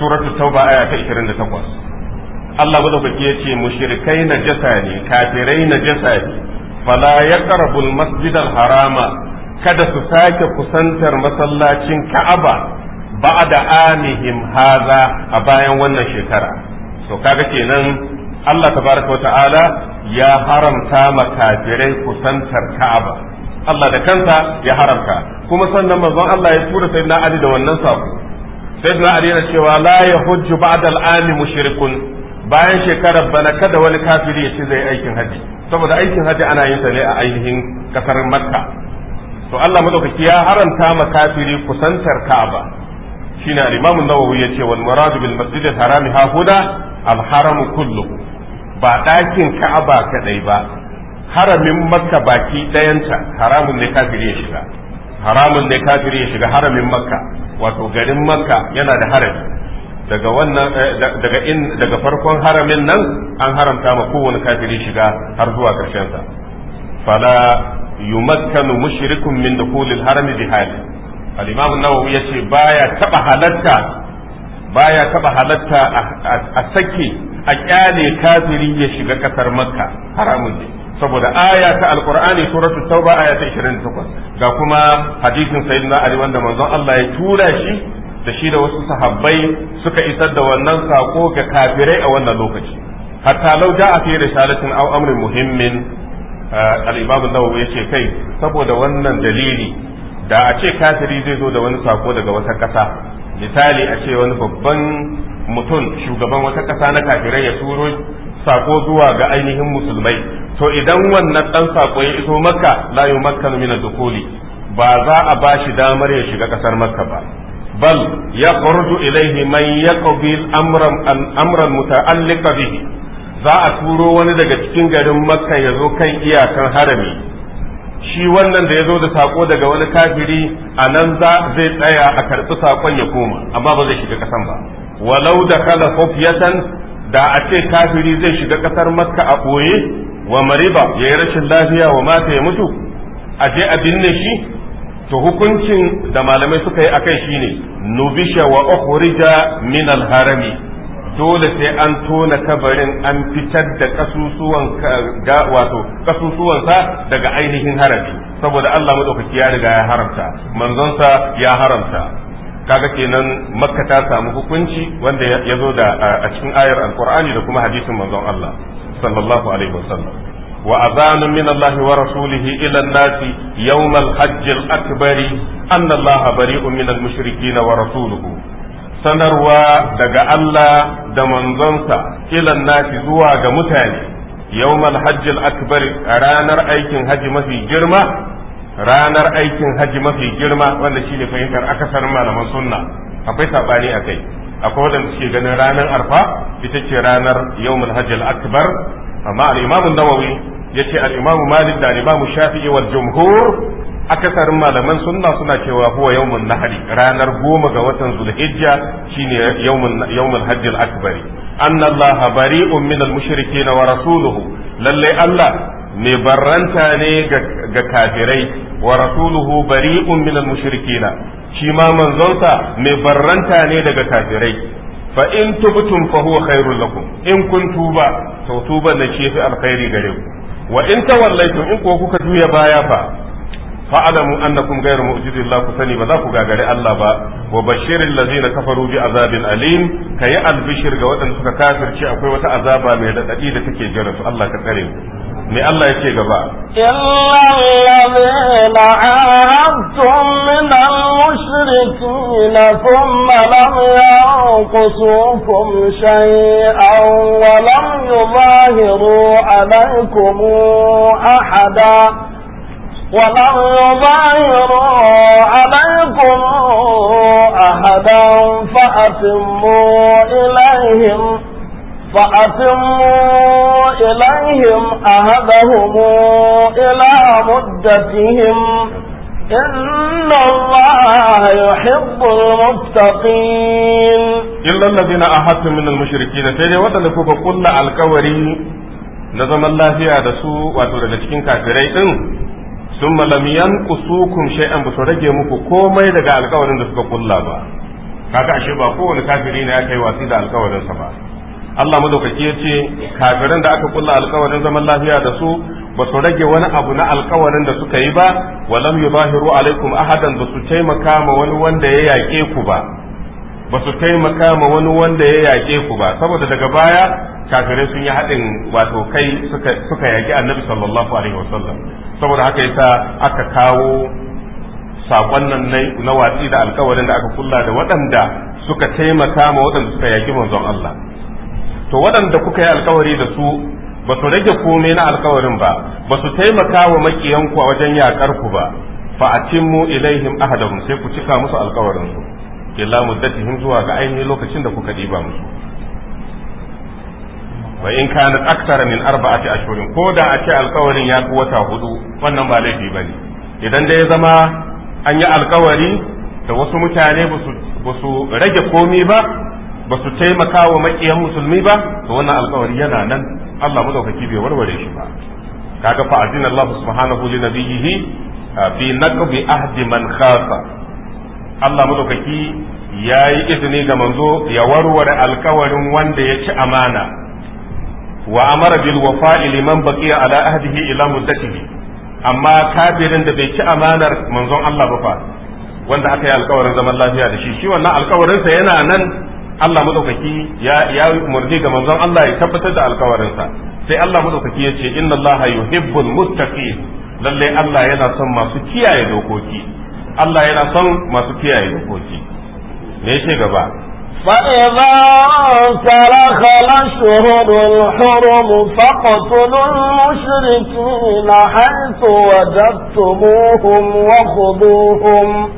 suratul tauba aya ta 28 Allah madaukake ya ce mushrikai jasa ne kafirai jasa ne fala ya al-masjidal harama kada su sake kusantar masallacin ka'aba ba'da amihim haza a bayan wannan shekara to kaga kenan Allah tabaraka wa ta'ala ya haramta ma kusantar Ka'aba Allah da kansa ya haramta kuma sannan manzon Allah ya tura na Ali da wannan sako na Ali yana cewa la yahujju ba'da al-ami mushrikun bayan shekarar bana kada wani kafiri ya ci zai aikin haji saboda aikin haji ana yin sa ne a ainihin kasar Makka to Allah madaukaki ya haramta makafiri kusantar Ka'aba shine al-Imam an-Nawawi yace wal murad bil masjid al-haram ha huda al-haram kulluhu ba dakin Ka'aba kaɗai ba haramin Makka baki dayanta haramun ne kafiri ya shiga haramun ne kafiri ya shiga haramin Makka wato garin Makka yana da haram. daga wannan eh, daga in daga farkon haramin nan an haramta ma kowane kafiri shiga har zuwa karshen sa fala yumakkanu mushrikun min dukhulil harami bi hali al nawawi yace baya taba halatta baya taba halatta a sake a kyale kafiri ya shiga kasar makka haramun ne saboda aya ta alqur'ani suratul tauba aya ta 28 ga kuma hadisin sayyidina ali wanda manzon Allah ya tura shi da shi da wasu sahabbai suka isar da wannan sako ga kafirai a wannan lokaci hatta lau ja'a fi risalatin aw amrin muhimmin eh, al-imam nawawi yace kai saboda wannan dalili da a ce kafiri zai zo da wani sako daga wata ƙasa misali a ce wani babban mutum shugaban wata ƙasa na kafirai ya turo sako zuwa ga ainihin musulmai to idan wannan ɗan sako ya iso makka la makka min dukuli ba za a ba shi damar ya shiga ƙasar makka ba bal ya kharuju ilaihi man yaqbi amran amran muta'alliqa bihi za a turo wani daga cikin garin makka ya zo kan iyakan harami shi wannan da ya zo da sako daga wani kafiri a nan za zai tsaya a karɓi sakon ya koma amma ba zai shiga ƙasan ba walau da kala kofiyatan da a ce kafiri zai shiga ƙasar makka a ɓoye wa mariba ya yi rashin lafiya wa mata ya mutu a je a binne shi to hukuncin da malamai suka yi akai shine nubisha wa ukhrija min al-harami dole sai an tona kabarin an fitar da kasusuwan wato kasusuwansa daga ainihin harafi saboda Allah madaukaki ya riga ya haramta manzonsa ya haramta kaga kenan makka ta samu hukunci wanda ya zo da a cikin ayar alkur'ani da kuma hadisin manzon Allah sallallahu alaihi wasallam wa azanun min Allah wa rasulihi ila an-nas yawm al-hajj al-akbar anna Allah bari'un min al-mushrikeena wa rasuluhu sanarwa daga Allah da manzonsa ilan nasi zuwa ga mutane yawmal hajjil akbar ranar aikin haji mafi girma ranar aikin haji mafi girma wanda shi ne fahimtar akasar malaman sunna akwai saɓani a kai akwai wadanda suke ganin ranar arfa ita ce ranar yawmal hajjil akbar amma al-imamu nawawi yace al-imamu malik da al-imamu shafi'i wal jumhur akasarin malaman sunna suna cewa huwa yawmun nahari ranar goma ga watan zulhijja shine yawmun yawmul hajjil akbari anna allaha bari'un min al mushrikeena wa rasuluhu lalle allah mai barranta ne ga kafirai wa rasuluhu bari'un min al mushrikeena shi ma manzonsa mai barranta ne daga kafirai fa in tubtum fa huwa khairul lakum in kun tuba to tuba na ce fi alkhairi gare ku wa in tawallaitum in ko kuka juya baya fa fa'alamu annakum ghayru mu'jizillah ku sani ba za ku gagari Allah ba wa shirin lazina kafaru bi azabin alim kayi albishir ga waɗanda suka kafirce akwai wata azaba mai radadi da take jira su Allah ka me Allah yake gaba illallazina ahadtum min al-mushrikeen thumma lam yanqusukum shay'an wa lam yuzahiru alaykum ahada ولن يظاهروا عليكم أحدا فأتموا إليهم فأتموا إليهم أهدهم إلى مدتهم إن الله يحب المتقين إلا الذين أحدتم من المشركين تيجي وتنفوك كل الكوري نظم الله فيها دسو وتولد كافرين su kun ينقصوكم ba su rage muku komai daga alkawarin da suka kulla ba kaga ashe ba kowane kafiri ne aka yi wasi da alkawarinsa ba Allah madaukaki ya ce kafirin da aka kulla alkawarin zaman lafiya da su ba su rage wani abu na alkawarin da suka yi ba walam yuzahiru alaikum ahadan ba su taimaka ma wani wanda ya yaƙe ku ba ba su taimaka ma wani wanda ya yaƙe ku ba saboda daga baya kafirai sun yi haɗin wato kai suka yaƙi annabi sallallahu alaihi wasallam saboda haka yasa aka kawo saƙon nan na watsi da alkawarin da aka kulla da waɗanda suka taimaka ma waɗanda suka yaƙi manzon Allah to waɗanda kuka yi alkawari da su ba su rage komai na alkawarin ba ba su taimaka wa makiyanku a wajen yaƙar ku ba fa atimmu ilaihim ahadahum sai ku cika musu alkawarin su illa muddatihim zuwa ga ainihin lokacin da kuka diba musu wa in kana aktsara min arba'ati ashhurin ko da ake ce alkawarin ya fi wata hudu wannan ba laifi bane idan dai ya zama an yi alkawari da wasu mutane ba su rage komi ba ba su taimaka wa makiyan musulmi ba to wannan alkawari yana nan Allah madaukaki bai warware shi ba kaga fa azina Allah subhanahu li nabiyhi fi naqbi ahdi man khafa Allah madaukaki ya yi izini ga manzo ya warware alkawarin wanda ya ci amana wa amara bil wafa'i liman baqiya ala ahdihi ila muddatihi amma kafirin da bai ci amanar manzon Allah ba fa wanda aka yi alkawarin zaman lafiya da shi shi wannan alkawarin sa yana nan Allah madaukaki ya ya murni ga manzon Allah ya tabbatar da alkawarin sa sai Allah madaukaki ya ce inna Allah yuhibbul muttaqin lalle Allah yana son masu kiyaye dokoki Allah yana son masu kiyaye dokoki me yake gaba فإذا انسلخ الأشهر الحرم فاقتلوا المشركين حيث وجدتموهم وخذوهم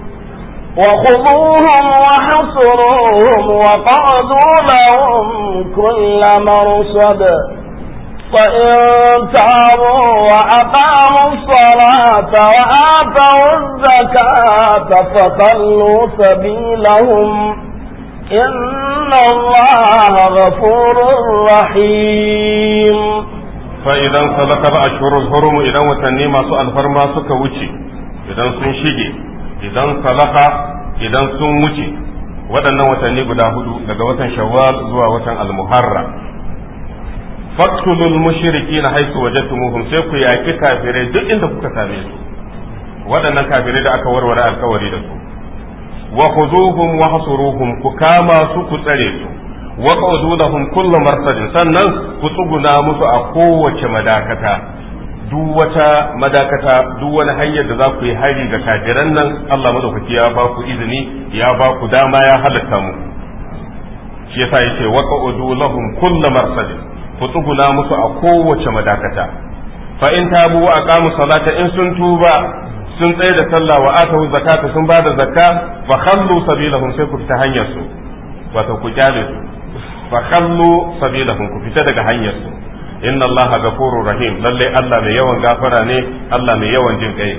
وخذوهم وحصروهم وقعدوا لهم كل مرصد فإن تابوا وأقاموا الصلاة وآتوا الزكاة فخلوا سبيلهم إن الله غفور رحيم فإذا انسلك بأشهر الحرم إذا وتني ما سؤال فرما سكوتي إذا سنشجي إذا انسلك إذا سنوتي waɗannan watanni guda hudu daga watan shawwal zuwa watan al faktulul na haitu wajadtumuhum sai ku yaki kafirai duk inda kuka same su waɗannan kafirai da aka warware alkawari da su wa khuzuhum wa hasuruhum ku kama su ku tsare su wa qudunahum kullu marsadin sannan ku tsuguna musu a kowace madakata duk wata madakata duk wani hanyar da za ku yi hari ga kafiran nan Allah madaukaki ya ba ku izini ya ba ku dama ya halatta mu shi yasa yake wa qudunahum kullu marsadin ku tsuguna musu a kowace madakata fa in tabu wa aqamu salata in sun tuba sun tsaye da sallah wa atahu zakata sun bada zakka fa khallu sabilahum sai ku fita hanyar su wato ku kyale su fa khallu sabilahum ku fita daga hanyarsu. su inna allaha ghafurur rahim lalle Allah mai yawan gafara ne Allah mai yawan jin kai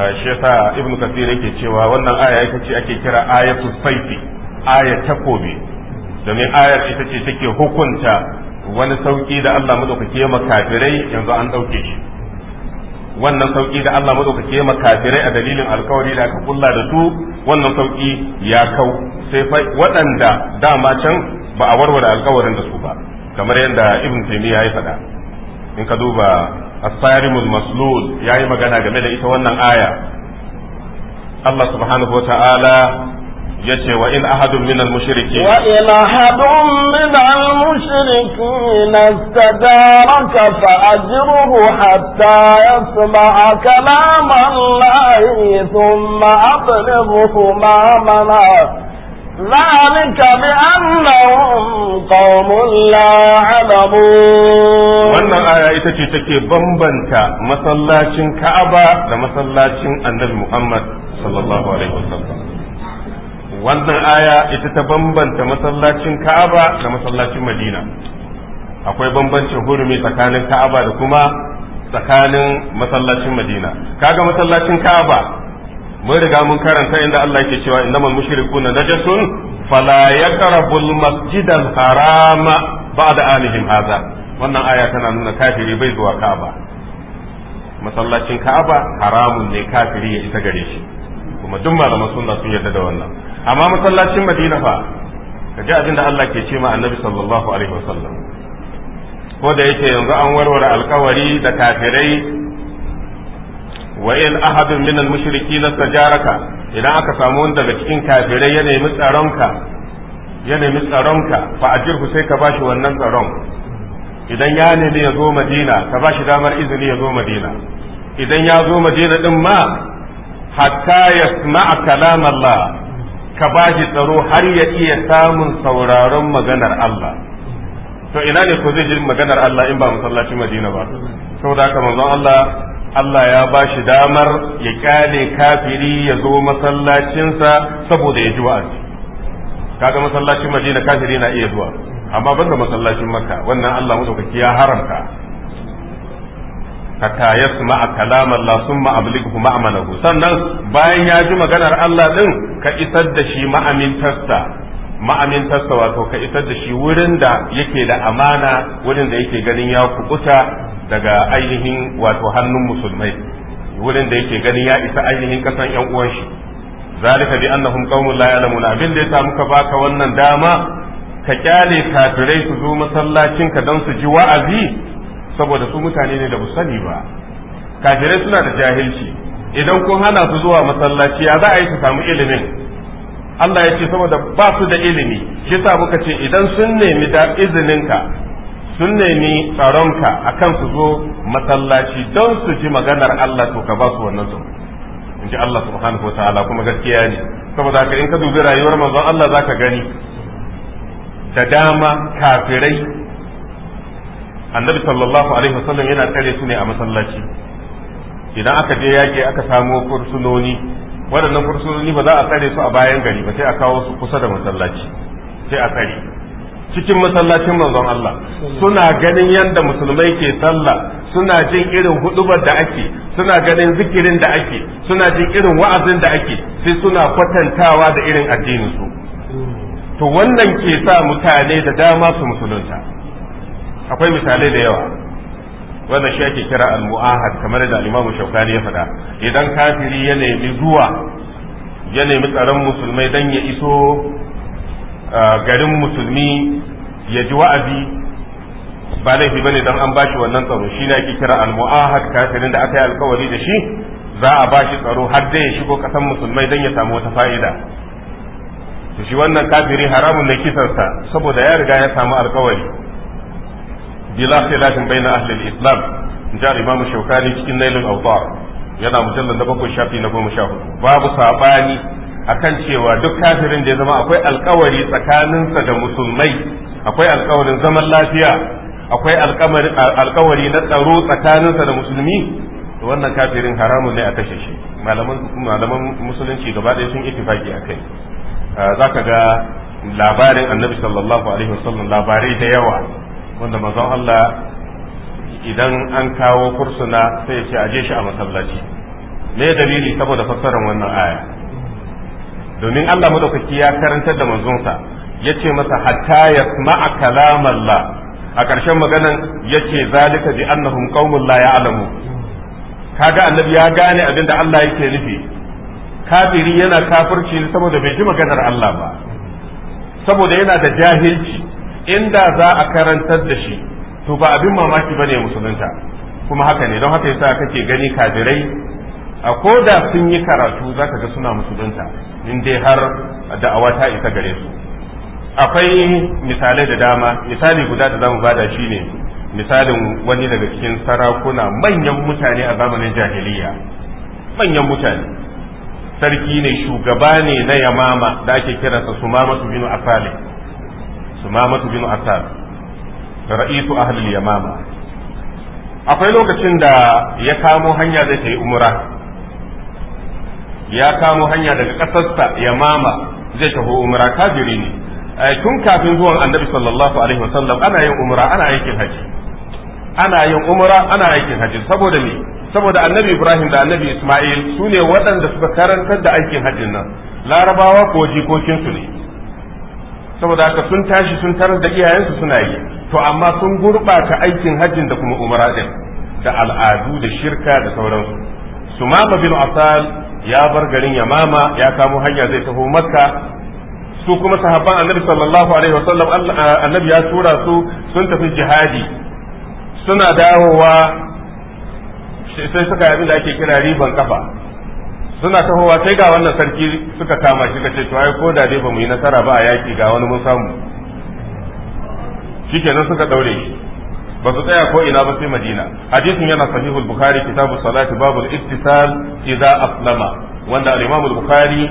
ah, shi ibnu kathir yake cewa wannan aya ita ce ake kira ayatul saifi aya takobi domin ayar ita ce take hukunta wani sauki da Allah madaukake ma kafirai yanzu an dauke shi wannan sauki da Allah madaukake ma kafirai a dalilin alkawari da aka kulla da su wannan sauki ya kau sai fa waɗanda dama can ba a warware alkawarin da su ba kamar yadda ibn taymiya ya faɗa in ka duba as-sarimul maslul yayi magana game da ita wannan aya Allah subhanahu wa ta'ala yace wa in ahadun min al-mushriki wa in ahadun min al-mushrikin istadaraka fa ajruhu hatta yasma'a kalam Allah thumma ablighu ma mana ذلك بأنهم قوم لا يعلمون wannan aya ita ce take bambanta masallacin Ka'aba da masallacin Annabi Muhammad sallallahu alaihi wasallam wannan aya ita ta bambanta masallacin ka'aba da masallacin madina akwai bambancin hurumi tsakanin ka'aba da kuma tsakanin masallacin madina kaga masallacin ka'aba mun riga mun karanta inda Allah yake cewa innamal mushrikuna najasun fala masjid al harama ba'da anihim hadha wannan aya tana nuna kafiri bai zuwa ka'aba masallacin ka'aba haramun ne kafiri ya isa gare shi kuma duk malaman sunna sun yarda da wannan amma masallacin madina fa ka ji abin da Allah ke ce ma annabi sallallahu alaihi wasallam ko da yake yanzu an warware alkawari da kafirai wa in ahadun min al-mushriki jaraka idan aka samu wanda daga cikin kafirai ya nemi tsaronka ya nemi tsaronka fa ajirhu sai ka bashi wannan tsaron idan ya nemi ya zo madina ka bashi damar izini ya zo madina idan ya zo madina din ma hatta yasma'a kalam Allah ka ba shi tsaro har ya iya samun sauraron maganar Allah to ina ne ko zai ji maganar Allah in ba masallacin Madina ba saboda haka manzon Allah Allah ya ba shi damar ya kyale kafiri ya zo masallacinsa saboda ya ji wa'azi kaga masallacin Madina kafiri na iya zuwa amma banda masallacin Makka wannan Allah madaukaki ya haramta hatta yasma'a kalam Allah summa ablighu ma'amalahu sannan bayan ya ji maganar Allah din ka isar da shi ma'amintarsa ma'amintarsa wato ka isar da shi wurin da yake da amana wurin da yake ganin ya kukuta daga ainihin wato hannun musulmai wurin da yake ganin ya isa ainihin kasan yan uwan shi zalika bi annahum qaumun la ya'lamuna abin da ya sa muka baka wannan dama ka kyale kafirai su zo masallacinka don su ji wa'azi saboda su mutane ne da ba sani ba kafirai suna da jahilci idan kun hana su zuwa masallaci ya za a yi su samu ilimin Allah ya ce saboda ba su da ilimi shi sa muka ce idan sun nemi da izininka sun nemi tsaronka a kan su zo masallaci don su ji maganar Allah to ka ba su wannan su in ji Allah subhanahu wa ta'ala kuma gaskiya ne saboda haka in ka dubi rayuwar manzon Allah za ka gani da dama kafirai annabi sallallahu alaihi wasallam yana tsare su ne a masallaci idan aka je yaƙi aka samo fursunoni waɗannan fursunoni ba za a tsare su a bayan gari ba sai a kawo su kusa da masallaci sai a tsare cikin masallacin manzon Allah suna ganin yadda musulmai ke sallah suna jin irin hudubar da ake suna ganin zikirin da ake suna jin irin wa'azin da ake sai suna kwatantawa da irin addinin su to wannan ke sa mutane da dama su musulunta akwai misalai da yawa wanda shi ake kira al-mu'ahad kamar da Imam shaukani ya faɗa idan kafiri ya nemi zuwa ya nemi tsaron musulmai dan ya iso garin musulmi ya ji wa'azi ba laifi bane dan an bashi wannan tsaro shi ne ake kira al-mu'ahad kafirin da aka yi alkawari da shi za a bashi tsaro har dai ya shigo kasan musulmai dan ya samu wata fa'ida to shi wannan kafiri haramun ne kisarsa saboda ya riga ya samu alkawari bila khilafin bayna ahli al-islam ja imamu shaukani cikin nailul awtar yana mujallar da bakwai shafi na goma sha hudu babu sabani akan cewa duk kafirin da ya zama akwai alkawari tsakaninsa da musulmai akwai alkawarin zaman lafiya akwai alkawari na tsaro tsakaninsa da musulmi to wannan kafirin haramun ne a kashe shi malaman malaman musulunci gaba ɗaya sun kai. Za ka ga labarin annabi sallallahu alaihi wasallam labarai da yawa wanda mazan Allah idan an kawo kursuna sai ya ce aje shi a masallaci me dalili saboda fassarar wannan aya domin Allah madaukaki ya karantar da manzonsa ya ce masa hatta yasma'a kalam a ƙarshen maganan ya ce zalika bi annahum qaumun la ya'lamu kaga annabi ya gane abin da Allah yake nufi kafiri yana kafirci saboda bai ji maganar Allah ba saboda yana da jahilci inda za a karantar da shi to ba abin mamaki bane musulunta kuma haka ne don haka yasa kake gani kadirai a koda sun yi karatu zaka ga suna musulunta in dai har da'awa ta isa gare su akwai misalai da dama misali guda da zamu bada shine misalin wani daga cikin sarakuna manyan mutane a zamanin jahiliya manyan mutane sarki ne shugaba ne na yamama da ake kiransa su sumamatu binu asali سمامة bin asad ra'isu أهل yamama akwai lokacin da ya kamo hanya zai tafi umra ya kamo hanya daga ƙasarsa mama zai tafi umra kafiri ne eh, tun kafin zuwan annabi sallallahu alaihi wasallam ana yin umra ana aikin haji ana yin umra ana aikin haji saboda me saboda annabi ibrahim da annabi isma'il su ne waɗanda suka karantar da aikin hajin nan larabawa ko jikokinsu ne saboda haka sun tashi sun tarar da iyayensu suna yi to amma sun gurɓata aikin hajjin da kuma umara din da al'adu da shirka da sauransu sumama bin asal ya bar garin yamama ya kamo hanya zai taho makka su kuma sahabban annabi sallallahu alaihi sallam, eh, annabi ya tura su sun tafi jihadi suna dawowa sai suka yi abin da ake kira riban kafa suna tahowa sai ga wannan sarki suka kama shi kace to ai ko da dai mu yi nasara ba a yaki ga wani mun samu shikenan suka daure shi ba su tsaya ko ina ba sai Madina hadisin yana sahihul bukhari kitabu salati babul ittisal idza aslama wanda al-imam al-bukhari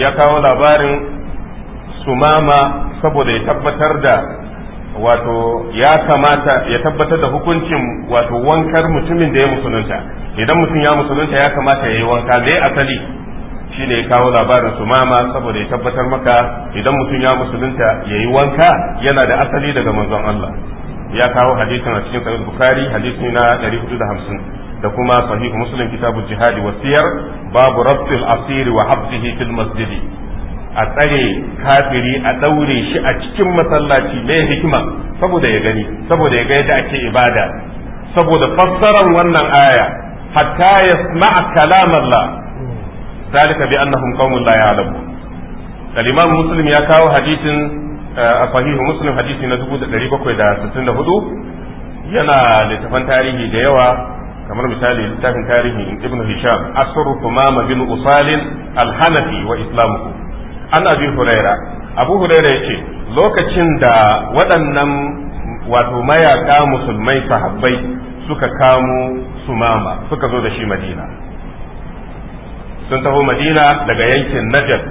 ya kawo labarin sumama saboda ya tabbatar da wato ya kamata ya tabbatar da hukuncin wato wankar mutumin da ya musulunta idan mutum ya musulunta ya kamata ya yi wanka me asali shine ya kawo labarin su mama saboda ya tabbatar maka idan mutum ya musulunta ya yi wanka yana da asali daga manzon Allah ya kawo hadisin a cikin sahih bukhari hadisi na 450 da kuma sahih muslim kitabu jihadi wa siyar babu rabtil asiri wa habsihi fil masjidi a tsare kafiri a ɗaure shi a cikin masallaci mai hikima saboda ya gani saboda ya ga yadda ake ibada saboda fassarar wannan aya hatta yasma'a kalam Allah zalika bi annahum qaumun la ya'lamu al-imam muslim ya kawo hadisin eh, a sahihu muslim hadisi na 1764 yana littafan tarihi da yawa kamar misali littafin tarihi ibn hisham asru tumama bin usalin al-hanafi wa islamuhu an abi huraira abu huraira ya ce lokacin da waɗannan wato mayaka musulmai sahabbai suka kamo sumama suka zo da shi madina sun taho madina daga yankin najab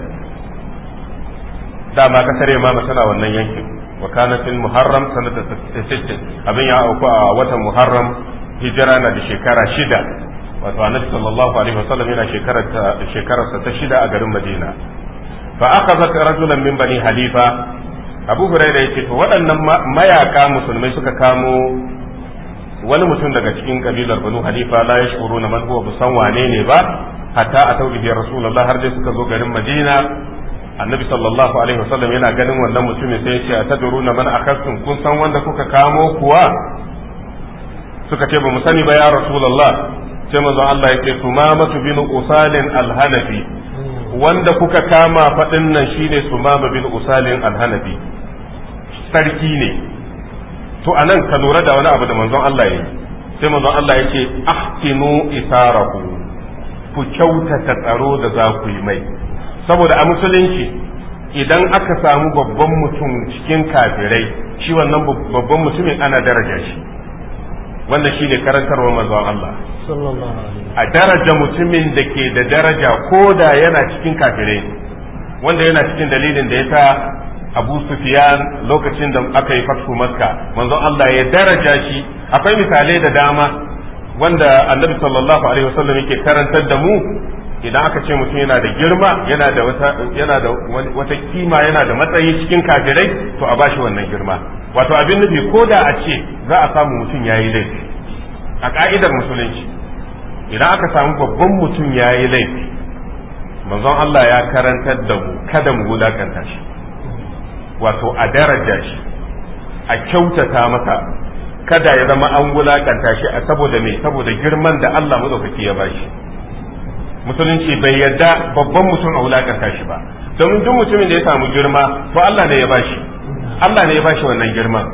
dama kasar ma tana wannan yankin wa kana fil muharram sanata 60 abin ya auku a watan muharram hijira na da shekara shida wato annabi sallallahu alaihi wasallam yana shekarar ta shida a garin madina fa akhadhat rajulan min bani halifa abu huraira ce to waɗannan mayaka musulmai suka kamo wani mutum daga cikin kabilar banu halifa la yashkuruna man huwa busan wane ne ba hatta a bihi rasulullah har dai suka zo garin madina annabi sallallahu alaihi wasallam yana ganin wannan mutumin sai yace atadruna man akhastum kun san wanda kuka kamo kuwa suka ce ba mu sani ba ya rasulullah sai manzon Allah ya ce tumamatu bin usalin al-hanafi wanda kuka kama faɗin nan shine sumama bin usalin alhanafi sarki ne to anan ka lura da wani abu da manzon Allah ya yi sai manzon Allah ya ce ahsinu isarahu ku kyautata tsaro da za ku yi mai saboda a musulunci idan aka samu babban mutum cikin kafirai shi wannan babban mutumin ana daraja shi wanda shi ne karantarwa manzon Allah a daraja mutumin da ke da daraja ko da yana cikin kafirai wanda yana cikin dalilin da ya sa abu sufiyan lokacin da aka yi fatku maska, manzon Allah ya daraja shi akwai misalai da dama wanda annabi sallallahu alaihi wasallam yake karantar da mu idan aka ce mutum yana da girma yana da wata yana da wata kima yana da matsayi cikin kafirai to a bashi wannan girma wato abin nufi ko da a ce za a samu mutum yayi laifi a ka'idar musulunci idan aka samu babban mutum yayi laifi manzon Allah ya karantar da mu kada mu wulakanta shi wato a daraja shi a kyautata masa kada ya zama an wulakanta shi a saboda me saboda girman da Allah madaukaki ya bashi musulunci bai yarda babban mutum a wulakanta shi ba domin duk mutumin da ya samu girma to Allah ne ya bashi Allah ne ya bashi wannan girman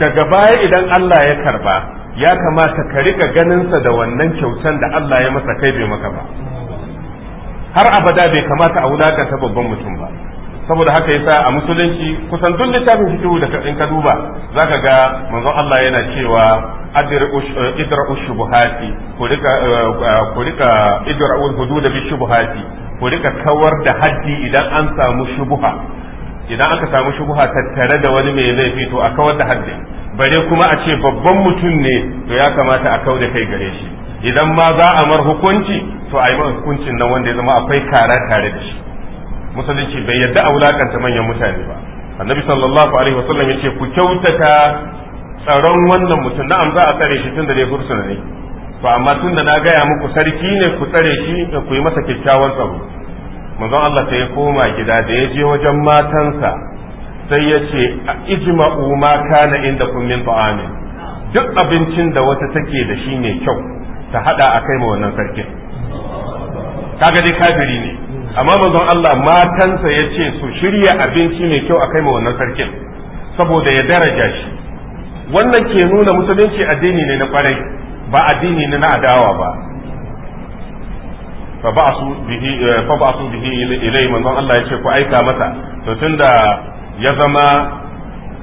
daga baya idan Allah ya karba ya kamata ka rika ganinsa da wannan kyautan da Allah ya masa kai bai maka ba har abada bai kamata a wulakanta babban mutum ba saboda haka yasa a musulunci kusan duk littafin fiqh da in ka duba zaka ga manzon Allah yana cewa eh, idra ushubhati ku rika eh, eh, ku rika hudud bi shubhati ku rika kawar da haddi idan an samu shubha idan aka samu shubuha tattare da wani mai laifi to a kawar da haddi bare kuma a ce babban mutum ne to ya kamata a kau da kai gare shi idan ma za a mar hukunci to a yi hukuncin nan wanda ya zama akwai kara tare da shi musulunci bai yadda a wulakanta manyan mutane ba annabi sallallahu alaihi wasallam yace ku kyautata tsaron wannan mutum na'am za a tsare shi tun da dai fursuna ne to amma tun da na gaya muku sarki ne ku tsare shi ku yi masa kyakkyawan tsaro manzon Allah sai ya koma gida da ya je wajen matansa sai ya ce ijma'u ma kana inda kun min ta'amin duk abincin da wata take da shi ne kyau ta hada a kai ma wannan sarkin kaga dai kafiri ne amma manzon Allah matansa ya ce su shirya abinci mai kyau a kai ma wannan sarkin saboda ya daraja shi wannan ke nuna musulunci addini ne na kwarai ba addini ne na adawa ba fa ba su bihi eh, ilai manzon Allah ya ce ku aika masa to tunda ya zama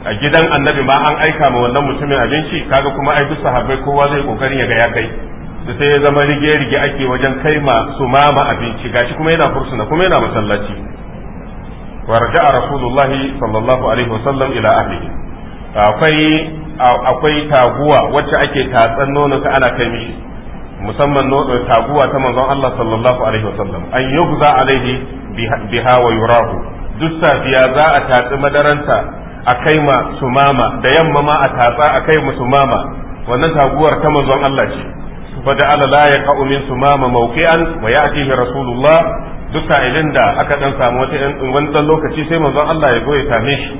a gidan annabi ma an aika ma wannan mutumin abinci kaga kuma ai duk sahabbai kowa zai kokarin ya ga ya kai da sai ya zama rige-rige ake wajen kai ma su mama abinci gashi kuma yana fursuna kuma yana masallaci wa raja'a rasulullahi sallallahu alaihi wasallam ila ahlihi akwai akwai taguwa wacce ake tatsan nono ta ana kai mishi musamman taguwa ta manzon Allah sallallahu alaihi wasallam an yughza alaihi biha wa yurahu duk safiya za a tatsi madaranta a kai ma sumama da yamma ma a tatsa a kai ma sumama wannan taguwar ta manzon Allah ce فجعل لا يقع من سمام موقعا ويأتيه رسول الله duk sa'ilin da aka dan samu wata wani dan lokaci sai manzon Allah ya zo ya same shi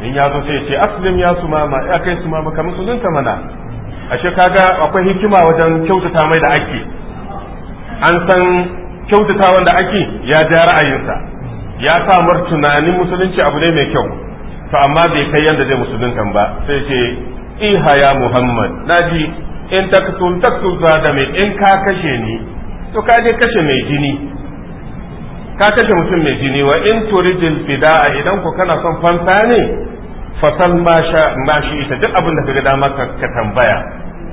in ya zo sai ce aslim ya sumama ya kai sumama ka mana ashe kaga akwai hikima wajen kyautata mai da ake an san kyautata wanda ake ya ja ra'ayinsa ya samar tunanin musulunci abu ne mai kyau to amma bai kai yadda zai musuluntan ba sai ce iha ya muhammad naji in taktum taktum mai in ka kashe ni to ka je kashe mai jini ka kashe mutum mai jini wa in turidil a idan ku kana son fansa ne fasal ma ita duk abin da kaga dama ka tambaya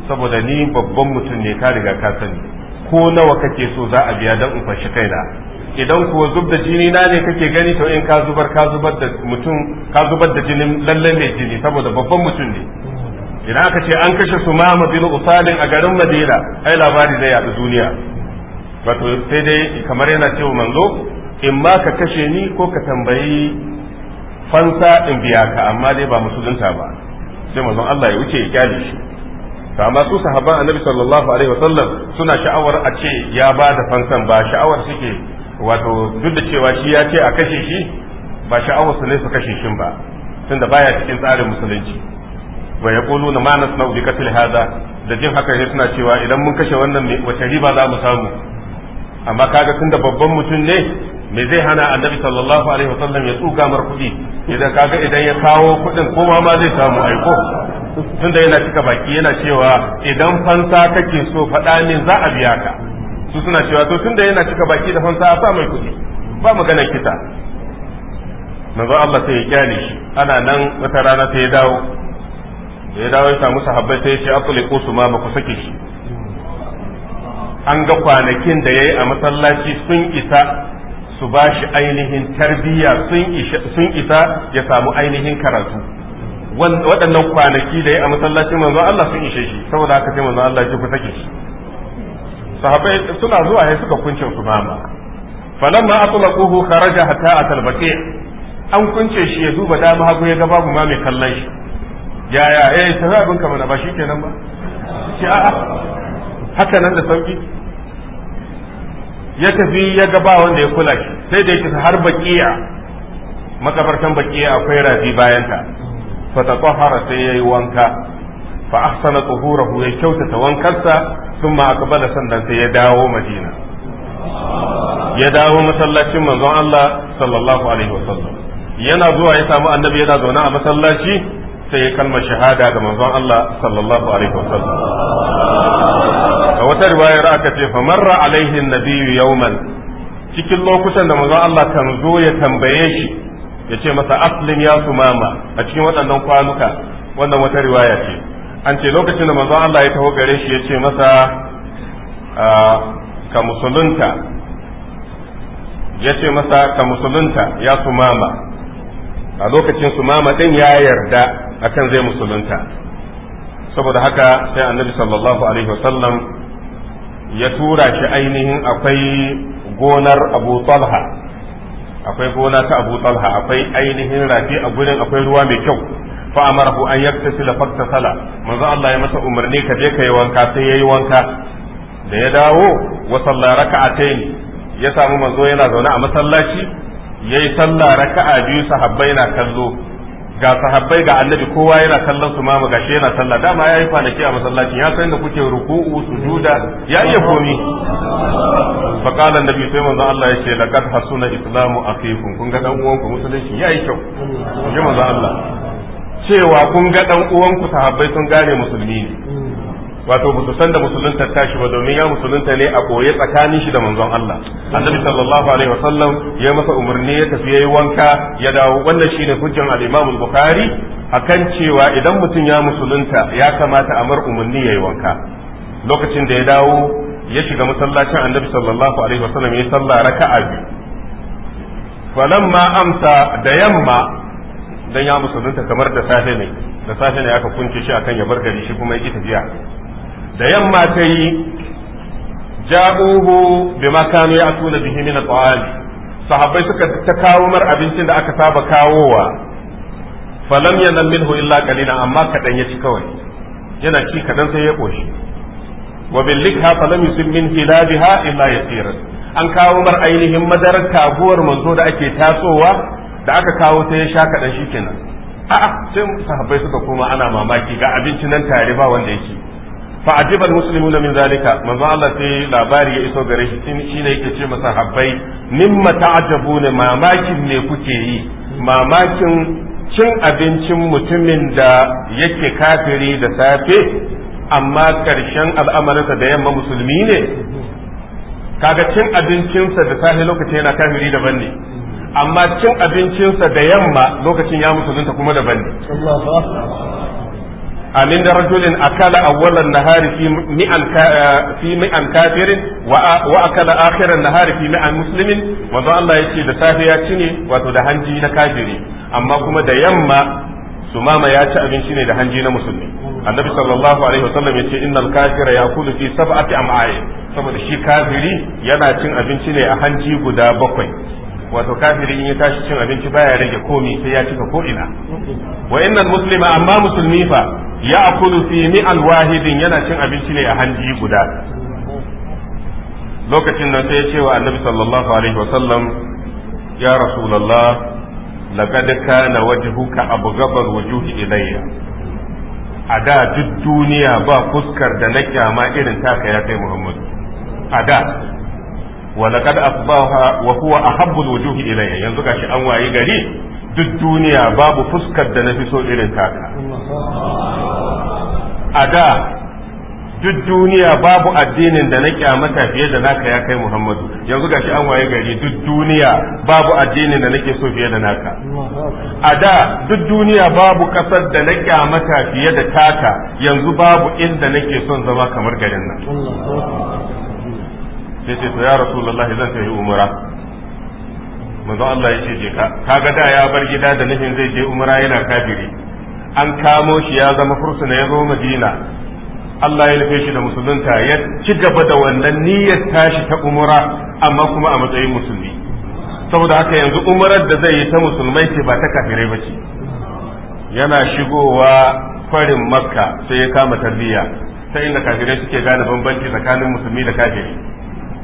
saboda ni babban mutum ne ka riga ka sani ko nawa kake so za a biya dan in fashi kaina idan kuwa zub da jini na ne kake gani to in ka zubar ka zubar da mutum ka zubar da jinin lalle mai jini saboda babban mutum ne idan aka ce an kashe su mama bin usalin a garin madina ai labari zai yaɗu duniya wato sai dai kamar yana cewa manzo in ma ka kashe ni ko ka tambayi fansa in biya ka amma dai ba musulunta ba sai manzon Allah ya wuce ya kyale shi to amma su sahabban annabi sallallahu alaihi wasallam suna sha'awar a ce ya ba da fansan ba sha'awar suke wato duk da cewa shi ya ce a kashe shi ba sha'awar su ne su kashe shi ba tunda baya cikin tsarin musulunci wa na manas na ubi qatl hada da jin haka ne suna cewa idan mun kashe wannan wace riba za mu samu amma kaga tun da babban mutum ne me zai hana annabi sallallahu alaihi wasallam ya tsuga mar kuɗi idan kaga idan ya kawo kuɗin ko ma zai samu aiko tunda yana cika baki yana cewa idan fansa kake so faɗa min za a biya ka su suna cewa to tunda yana cika baki da fansa a sa mai kuɗi ba magana kita manzo Allah sai ya kyale shi ana nan wata rana sai ya dawo da ya dawo ya samu sahabbai sai ya ce ko su ma ba ku sake shi an ga kwanakin da yayi a masallaci sun isa su ba shi ainihin tarbiyya sun isa ya samu ainihin karatu waɗannan kwanaki da ya a masallaci manzo Allah sun ishe shi saboda aka ce manzo Allah ya ku sake shi sahabbai suna zuwa ya suka kunce su mama falamma atlaquhu kharaja hatta atal an kunce shi ya duba dama hagu ya ga babu ma mai kallon shi yaya eh ta za ka mana ba shi kenan ba shi a haka nan da sauki ya tafi ya ga ba wanda ya kula shi sai da yake har bakiya makabartan bakiya akwai rafi bayan ta fa tatahara sai yayi wanka fa ahsana tuhurahu ya kyautata wankarsa thumma aqbala sannan sai ya dawo madina ya dawo masallacin manzon Allah sallallahu alaihi wasallam yana zuwa ya samu annabi yana zaune a masallaci sai ya kalmar shahada ga manzon Allah sallallahu alaihi wasallam a wata riwayar aka ce fa marra alaihi nabiyyu yawman cikin lokutan da manzon Allah kan zo ya tambaye shi ya ce masa aslim ya sumama a cikin waɗannan kwanuka wannan wata riwaya ce an ce lokacin da manzon Allah ya taho gare shi ya ce masa ka musulunta ya ce masa ka musulunta ya sumama a lokacin su mama din ya yarda akan zai musulunta saboda haka sai annabi sallallahu alaihi wasallam ya tura shi ainihin akwai gonar abu talha akwai gona ta abu talha akwai ainihin rafi a gurin akwai ruwa mai kyau fa amarahu an yaktasila sala. manzo Allah ya masa umarni ka je kai wanka sai yayi wanka da ya dawo wa salla raka'atayn ya samu manzo yana zaune a masallaci yayi sallah raka'a biyu sahabbai na kallo ga sahabbai ga annabi kowa yana kallon su mamu gashi yana sallah dama ya yi kwanaki a masallacin ya san da kuke ruku'u sujuda ya iya komi fa qala annabi sai manzo Allah yace laqad hasuna islamu aqifun kun ga dan uwanku musulunci yayi kyau ji manzo Allah cewa kun ga dan uwanku sahabbai sun gane musulmi ne wato ba su san da musulunta tashi ba domin ya musulunta ne a koye tsakanin shi da manzon Allah annabi sallallahu alaihi wasallam ya masa umarni ya tafi yayi wanka ya dawo wannan shine hujjan al-Imam al-Bukhari akan cewa idan mutum ya musulunta ya kamata a mar umarni yayi wanka lokacin da ya dawo ya shiga masallacin annabi sallallahu alaihi wasallam ya sallah raka'a biyu falamma amsa da yamma dan ya musulunta kamar da safe ne da safe ne aka kunce shi akan ya bar gari shi kuma yake tafiya da yamma ta yi ja'uhu bi makanu ya bihi min at sahabbai suka ta kawo mar abincin da aka saba kawowa falam yanal minhu illa qalila amma kadan ya ci kawai yana ci kadan sai ya koshi wa bil likha falam yusim min hilabiha illa yasiran an kawo mar ainihin madarar kaguwar manzo da ake tasowa da aka kawo sai ya sha kadan shikenan a'a sai sahabbai suka koma ana mamaki ga abincin nan tare ba wanda yake fa'ajibal muslimuna min zalika manzo Allah sai labari ya iso gare shi shi ne yake ce masa habbai mimma ta'ajabuna mamakin me kuke yi mamakin cin abincin mutumin da yake kafiri da safe amma karshen al'amarinsa da yamma musulmi ne kaga cin sa da safe lokacin yana kafiri daban ne amma cin abincin sa da yamma lokacin ya musulunta kuma daban ne min rajulin akala awwalan nahari fi mi'an fi mi'an kafirin wa akala akhiran nahari fi mi'an muslimin manzo Allah yace da safiya ci ne wato da hanji na kafiri amma kuma da yamma sumama ya ci abinci ne da hanji na musulmi annabi sallallahu alaihi wasallam yace innal kafira yakulu fi sab'ati am'a'i saboda shi kafiri yana cin abinci ne a hanji guda bakwai wato kafiri in ya tashi cin abinci baya rage komi sai ya cika ko ina wa innal muslima amma musulmi fa ya akulu fi mi'al wahidin yana cin abinci ne a hanji guda lokacin nan sai ya ce wa annabi sallallahu alaihi wasallam ya rasulullah laqad kana wajhuka abghadal wujuhi ilayya a da duk duniya ba fuskar da na kyama irin taka ya kai muhammad a da wa laqad asbaha wa huwa ahabbu wujuhi ilayya yanzu gashi an wayi gari duk duniya babu fuskar da na fi so irin taka a da duk duniya babu addinin da na kyamata fiye da naka ya kai Muhammadu yanzu gashi an waye gari duk duniya babu addinin da nake so fiye da naka a da duk duniya babu kasar da na kyamata fiye da taka yanzu babu inda nake son zama kamar garin nan sai ce ya rasulullahi zan tafi umura manzo Allah ya ce je ka kaga da ya bar gida da nufin zai je umra yana kafiri an kamo shi ya zama fursuna ya zo madina Allah ya nufe shi da musulunta ya ci gaba da wannan niyyar tashi ta umra amma kuma a matsayin musulmi saboda haka yanzu umrar da zai yi ta musulmai ce ba ta kafirai ba ce yana shigowa farin makka sai ya kama tarbiyya ta inda kafirai suke gane bambanci tsakanin musulmi da kafiri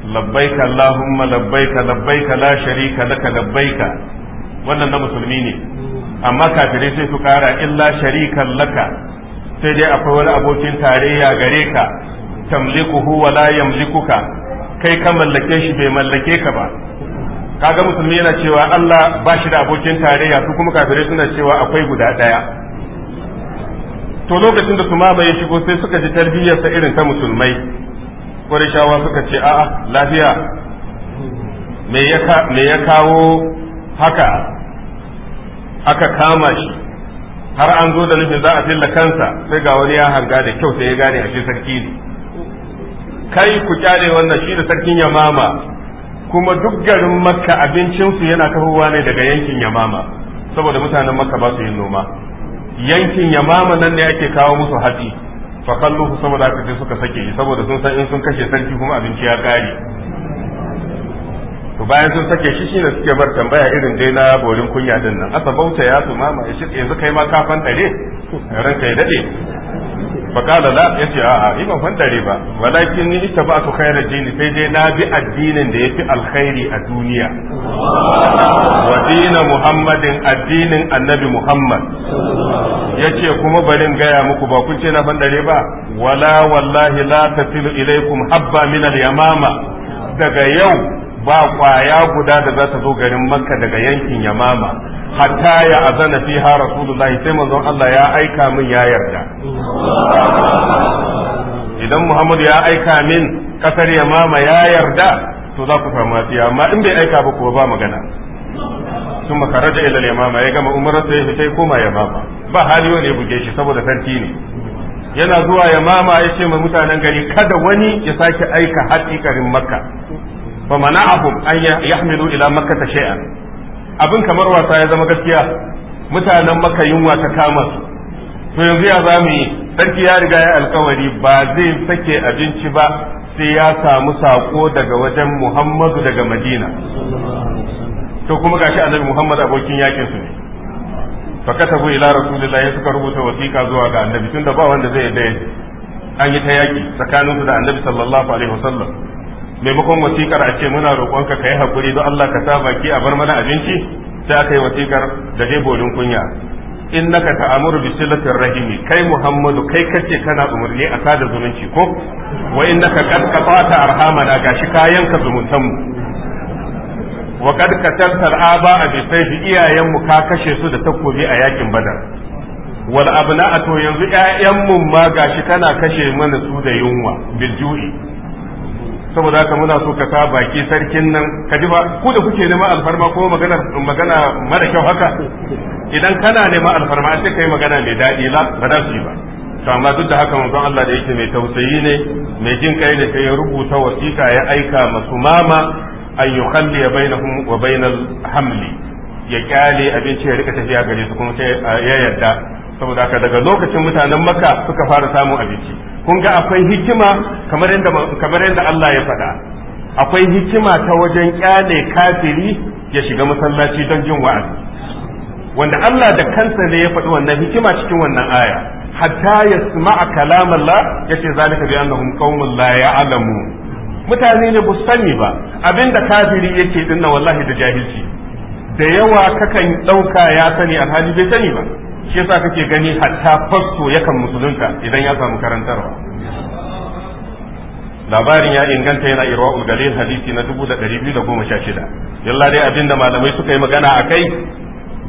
لبيك اللهم لبيك لبيك la شريك laka لبيك wannan na musulmi ne amma kafirai sai su kara illa sharikan laka sai dai akwai wani abokin tarayya gare ka tamlikuhu wa la yamlikuka kai ka mallake shi bai mallake ka ba kaga musulmi yana cewa Allah ba shi da abokin tarayya su kuma kafirai suna cewa akwai guda daya to lokacin da sumama ya shigo sai suka ji tarbiyyarsa irin ta musulmai ƙwarishawa suka ce a'a lafiya me ya kawo haka aka kama shi har an zo da nufin za a filla kansa sai ga wani ya hanga da kyau sai ya gane a shi sarki ne kai ku kyale wannan shi da sarkin yamama kuma duk garin makka abincinsu yana kafowa ne daga yankin yamama saboda mutanen makka ba su yin noma yankin yamama nan ne ake kawo musu hatsi fa kalluhu saboda haka sai suka sake shi saboda sun san in sun kashe sarki kuma abinci ya kare to bayan sun sake shi shine suke bar tambaya irin dai na borin kunya din nan asa bauta ya su mama ya shirke yanzu kai ma ka fantare ran kai dade faqala la yace a a ni ban fantare ba walakin ni ita ba su dini sai dai na bi addinin da yafi alkhairi a duniya wa dina muhammadin addinin annabi muhammad yace kuma barin gaya muku ba kun ce na fantare ba wala wallahi la tasilu ilaikum habba min al-yamama daga yau ba kwaya guda da za ta zo garin makka daga yankin yamama hatta ya azana ha rasulullahi sai manzon Allah ya aika min ya yarda idan Muhammad ya aika min kasar yamama ya yarda to za ku samu lafiya amma in bai aika ba kuwa ba magana sun makaraja ila yamama ya gama umarar sai ya sai koma yamama ba hali wani buge shi saboda sarki ne yana zuwa yamama ya ce ma mutanen gari kada wani ya sake aika hatikarin makka fa mana'ahum an yahmilu ila makkah shay'an abin kamar wasa ya zama gaskiya mutanen makka yunwa ta kama to yanzu ya zame mu sarki ya riga ya alkawari ba zai sake abinci ba sai ya samu sako daga wajen muhammadu daga madina to kuma gashi annabi muhammad abokin yakin su ne fa katabu ila rasulillahi suka rubuta wasiƙa zuwa ga annabi tunda ba wanda zai yi yadda an yi ta yaki tsakaninsu da annabi sallallahu alaihi wasallam maimakon wasikar a ce muna roƙonka ka yi haƙuri don Allah ka sa baki a bar mana abinci sai aka yi wasikar da dai bolin kunya innaka ta'amuru bi silatir rahimi kai Muhammadu kai kace kana umurni a sada zumunci ko wa innaka qad qata'ta arhamana gashi kayan ka zumuntan mu wa qad qatalta al-aba bi sayfi iyayen mu ka kashe su da takobi a yakin badar wal abna'atu yanzu 'ya'yan mu ma gashi kana kashe mana su da yunwa bil ju'i saboda haka muna so ka sa baki sarkin nan ka ji ba ku da kuke nema alfarma ko magana magana mara kyau haka idan kana nema alfarma sai kai magana mai daɗi la ba za su ba to amma duk da haka manzon Allah da yake mai tausayi ne mai jin kai ne sai ya rubuta wasiƙa ya aika masu mama an yukhalliya bainahum wa bainal hamli ya kyale abinci ya rika tafiya gare su kuma sai ya yarda saboda haka daga lokacin mutanen makka suka fara samun abinci kun ga akwai hikima kamar yadda Allah ya faɗa akwai hikima ta wajen kyale kafiri ya shiga masallaci don jin wa'azi wanda Allah da kansa ne ya faɗi wannan hikima cikin wannan aya hatta yasma'a kalamallah yace zalika bi annahum qaumun la ya'lamu mutane ne ba sani ba abinda kafiri yake dinna wallahi da jahilci da yawa kakan ɗauka ya sani alhali bai sani ba shi yasa kake gani hatta fasto yakan musulunta idan ya samu karantarwa labarin ya inganta yana irwa ugalin hadisi na 2216 yalla dai abinda malamai suka yi magana a kai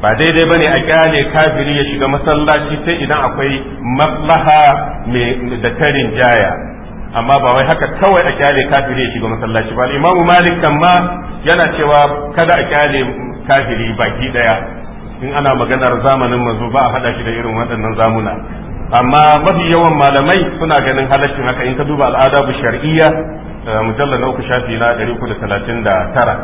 ba daidai bane a kyale kafiri ya shiga masallaci sai idan akwai maslaha mai da tarin jaya amma ba wai haka kawai a kyale kafiri ya shiga masallaci ba imamu malik kan ma yana cewa kada a kyale kafiri baki daya in ana maganar zamanin manzo ba a hada shi da irin waɗannan zamuna amma mafi yawan malamai suna ganin halaccin haka in ka duba al'ada bu shar'iyya eh, mujallar na uku shafi na ɗari uku da talatin da tara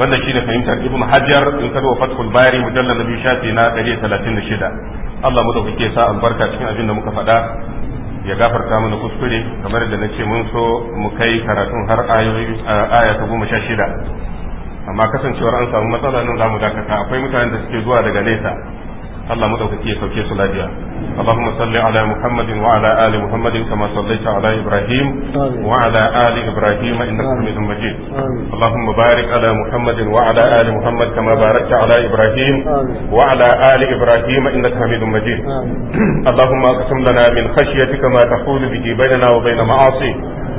wannan shine fahimtar ibn hajar in ka duba fathul bari mujallar na biyu shafi na ɗari talatin da shida allah mu ɗaukake sa albarka cikin abin da muka faɗa ya gafarta mana kuskure kamar da na ce mun so mu kai karatun har eh, aya ta goma sha shida amma kasancewar an samu matsala nan zamu dakata akwai mutanen da suke zuwa daga nesa Allah madaukaki ya sauke su lafiya Allahumma salli ala Muhammadin wa ala ali Muhammadin kama sallaita ala Ibrahim wa ala ali Ibrahim innaka Hamidum Majid Allahumma barik ala Muhammadin wa ala ali Muhammad kama barakta ala Ibrahim wa ala ali Ibrahim innaka Hamidum Majid Allahumma aqsim lana min khashyatika ma tahulu bihi bainana wa bain ma'asik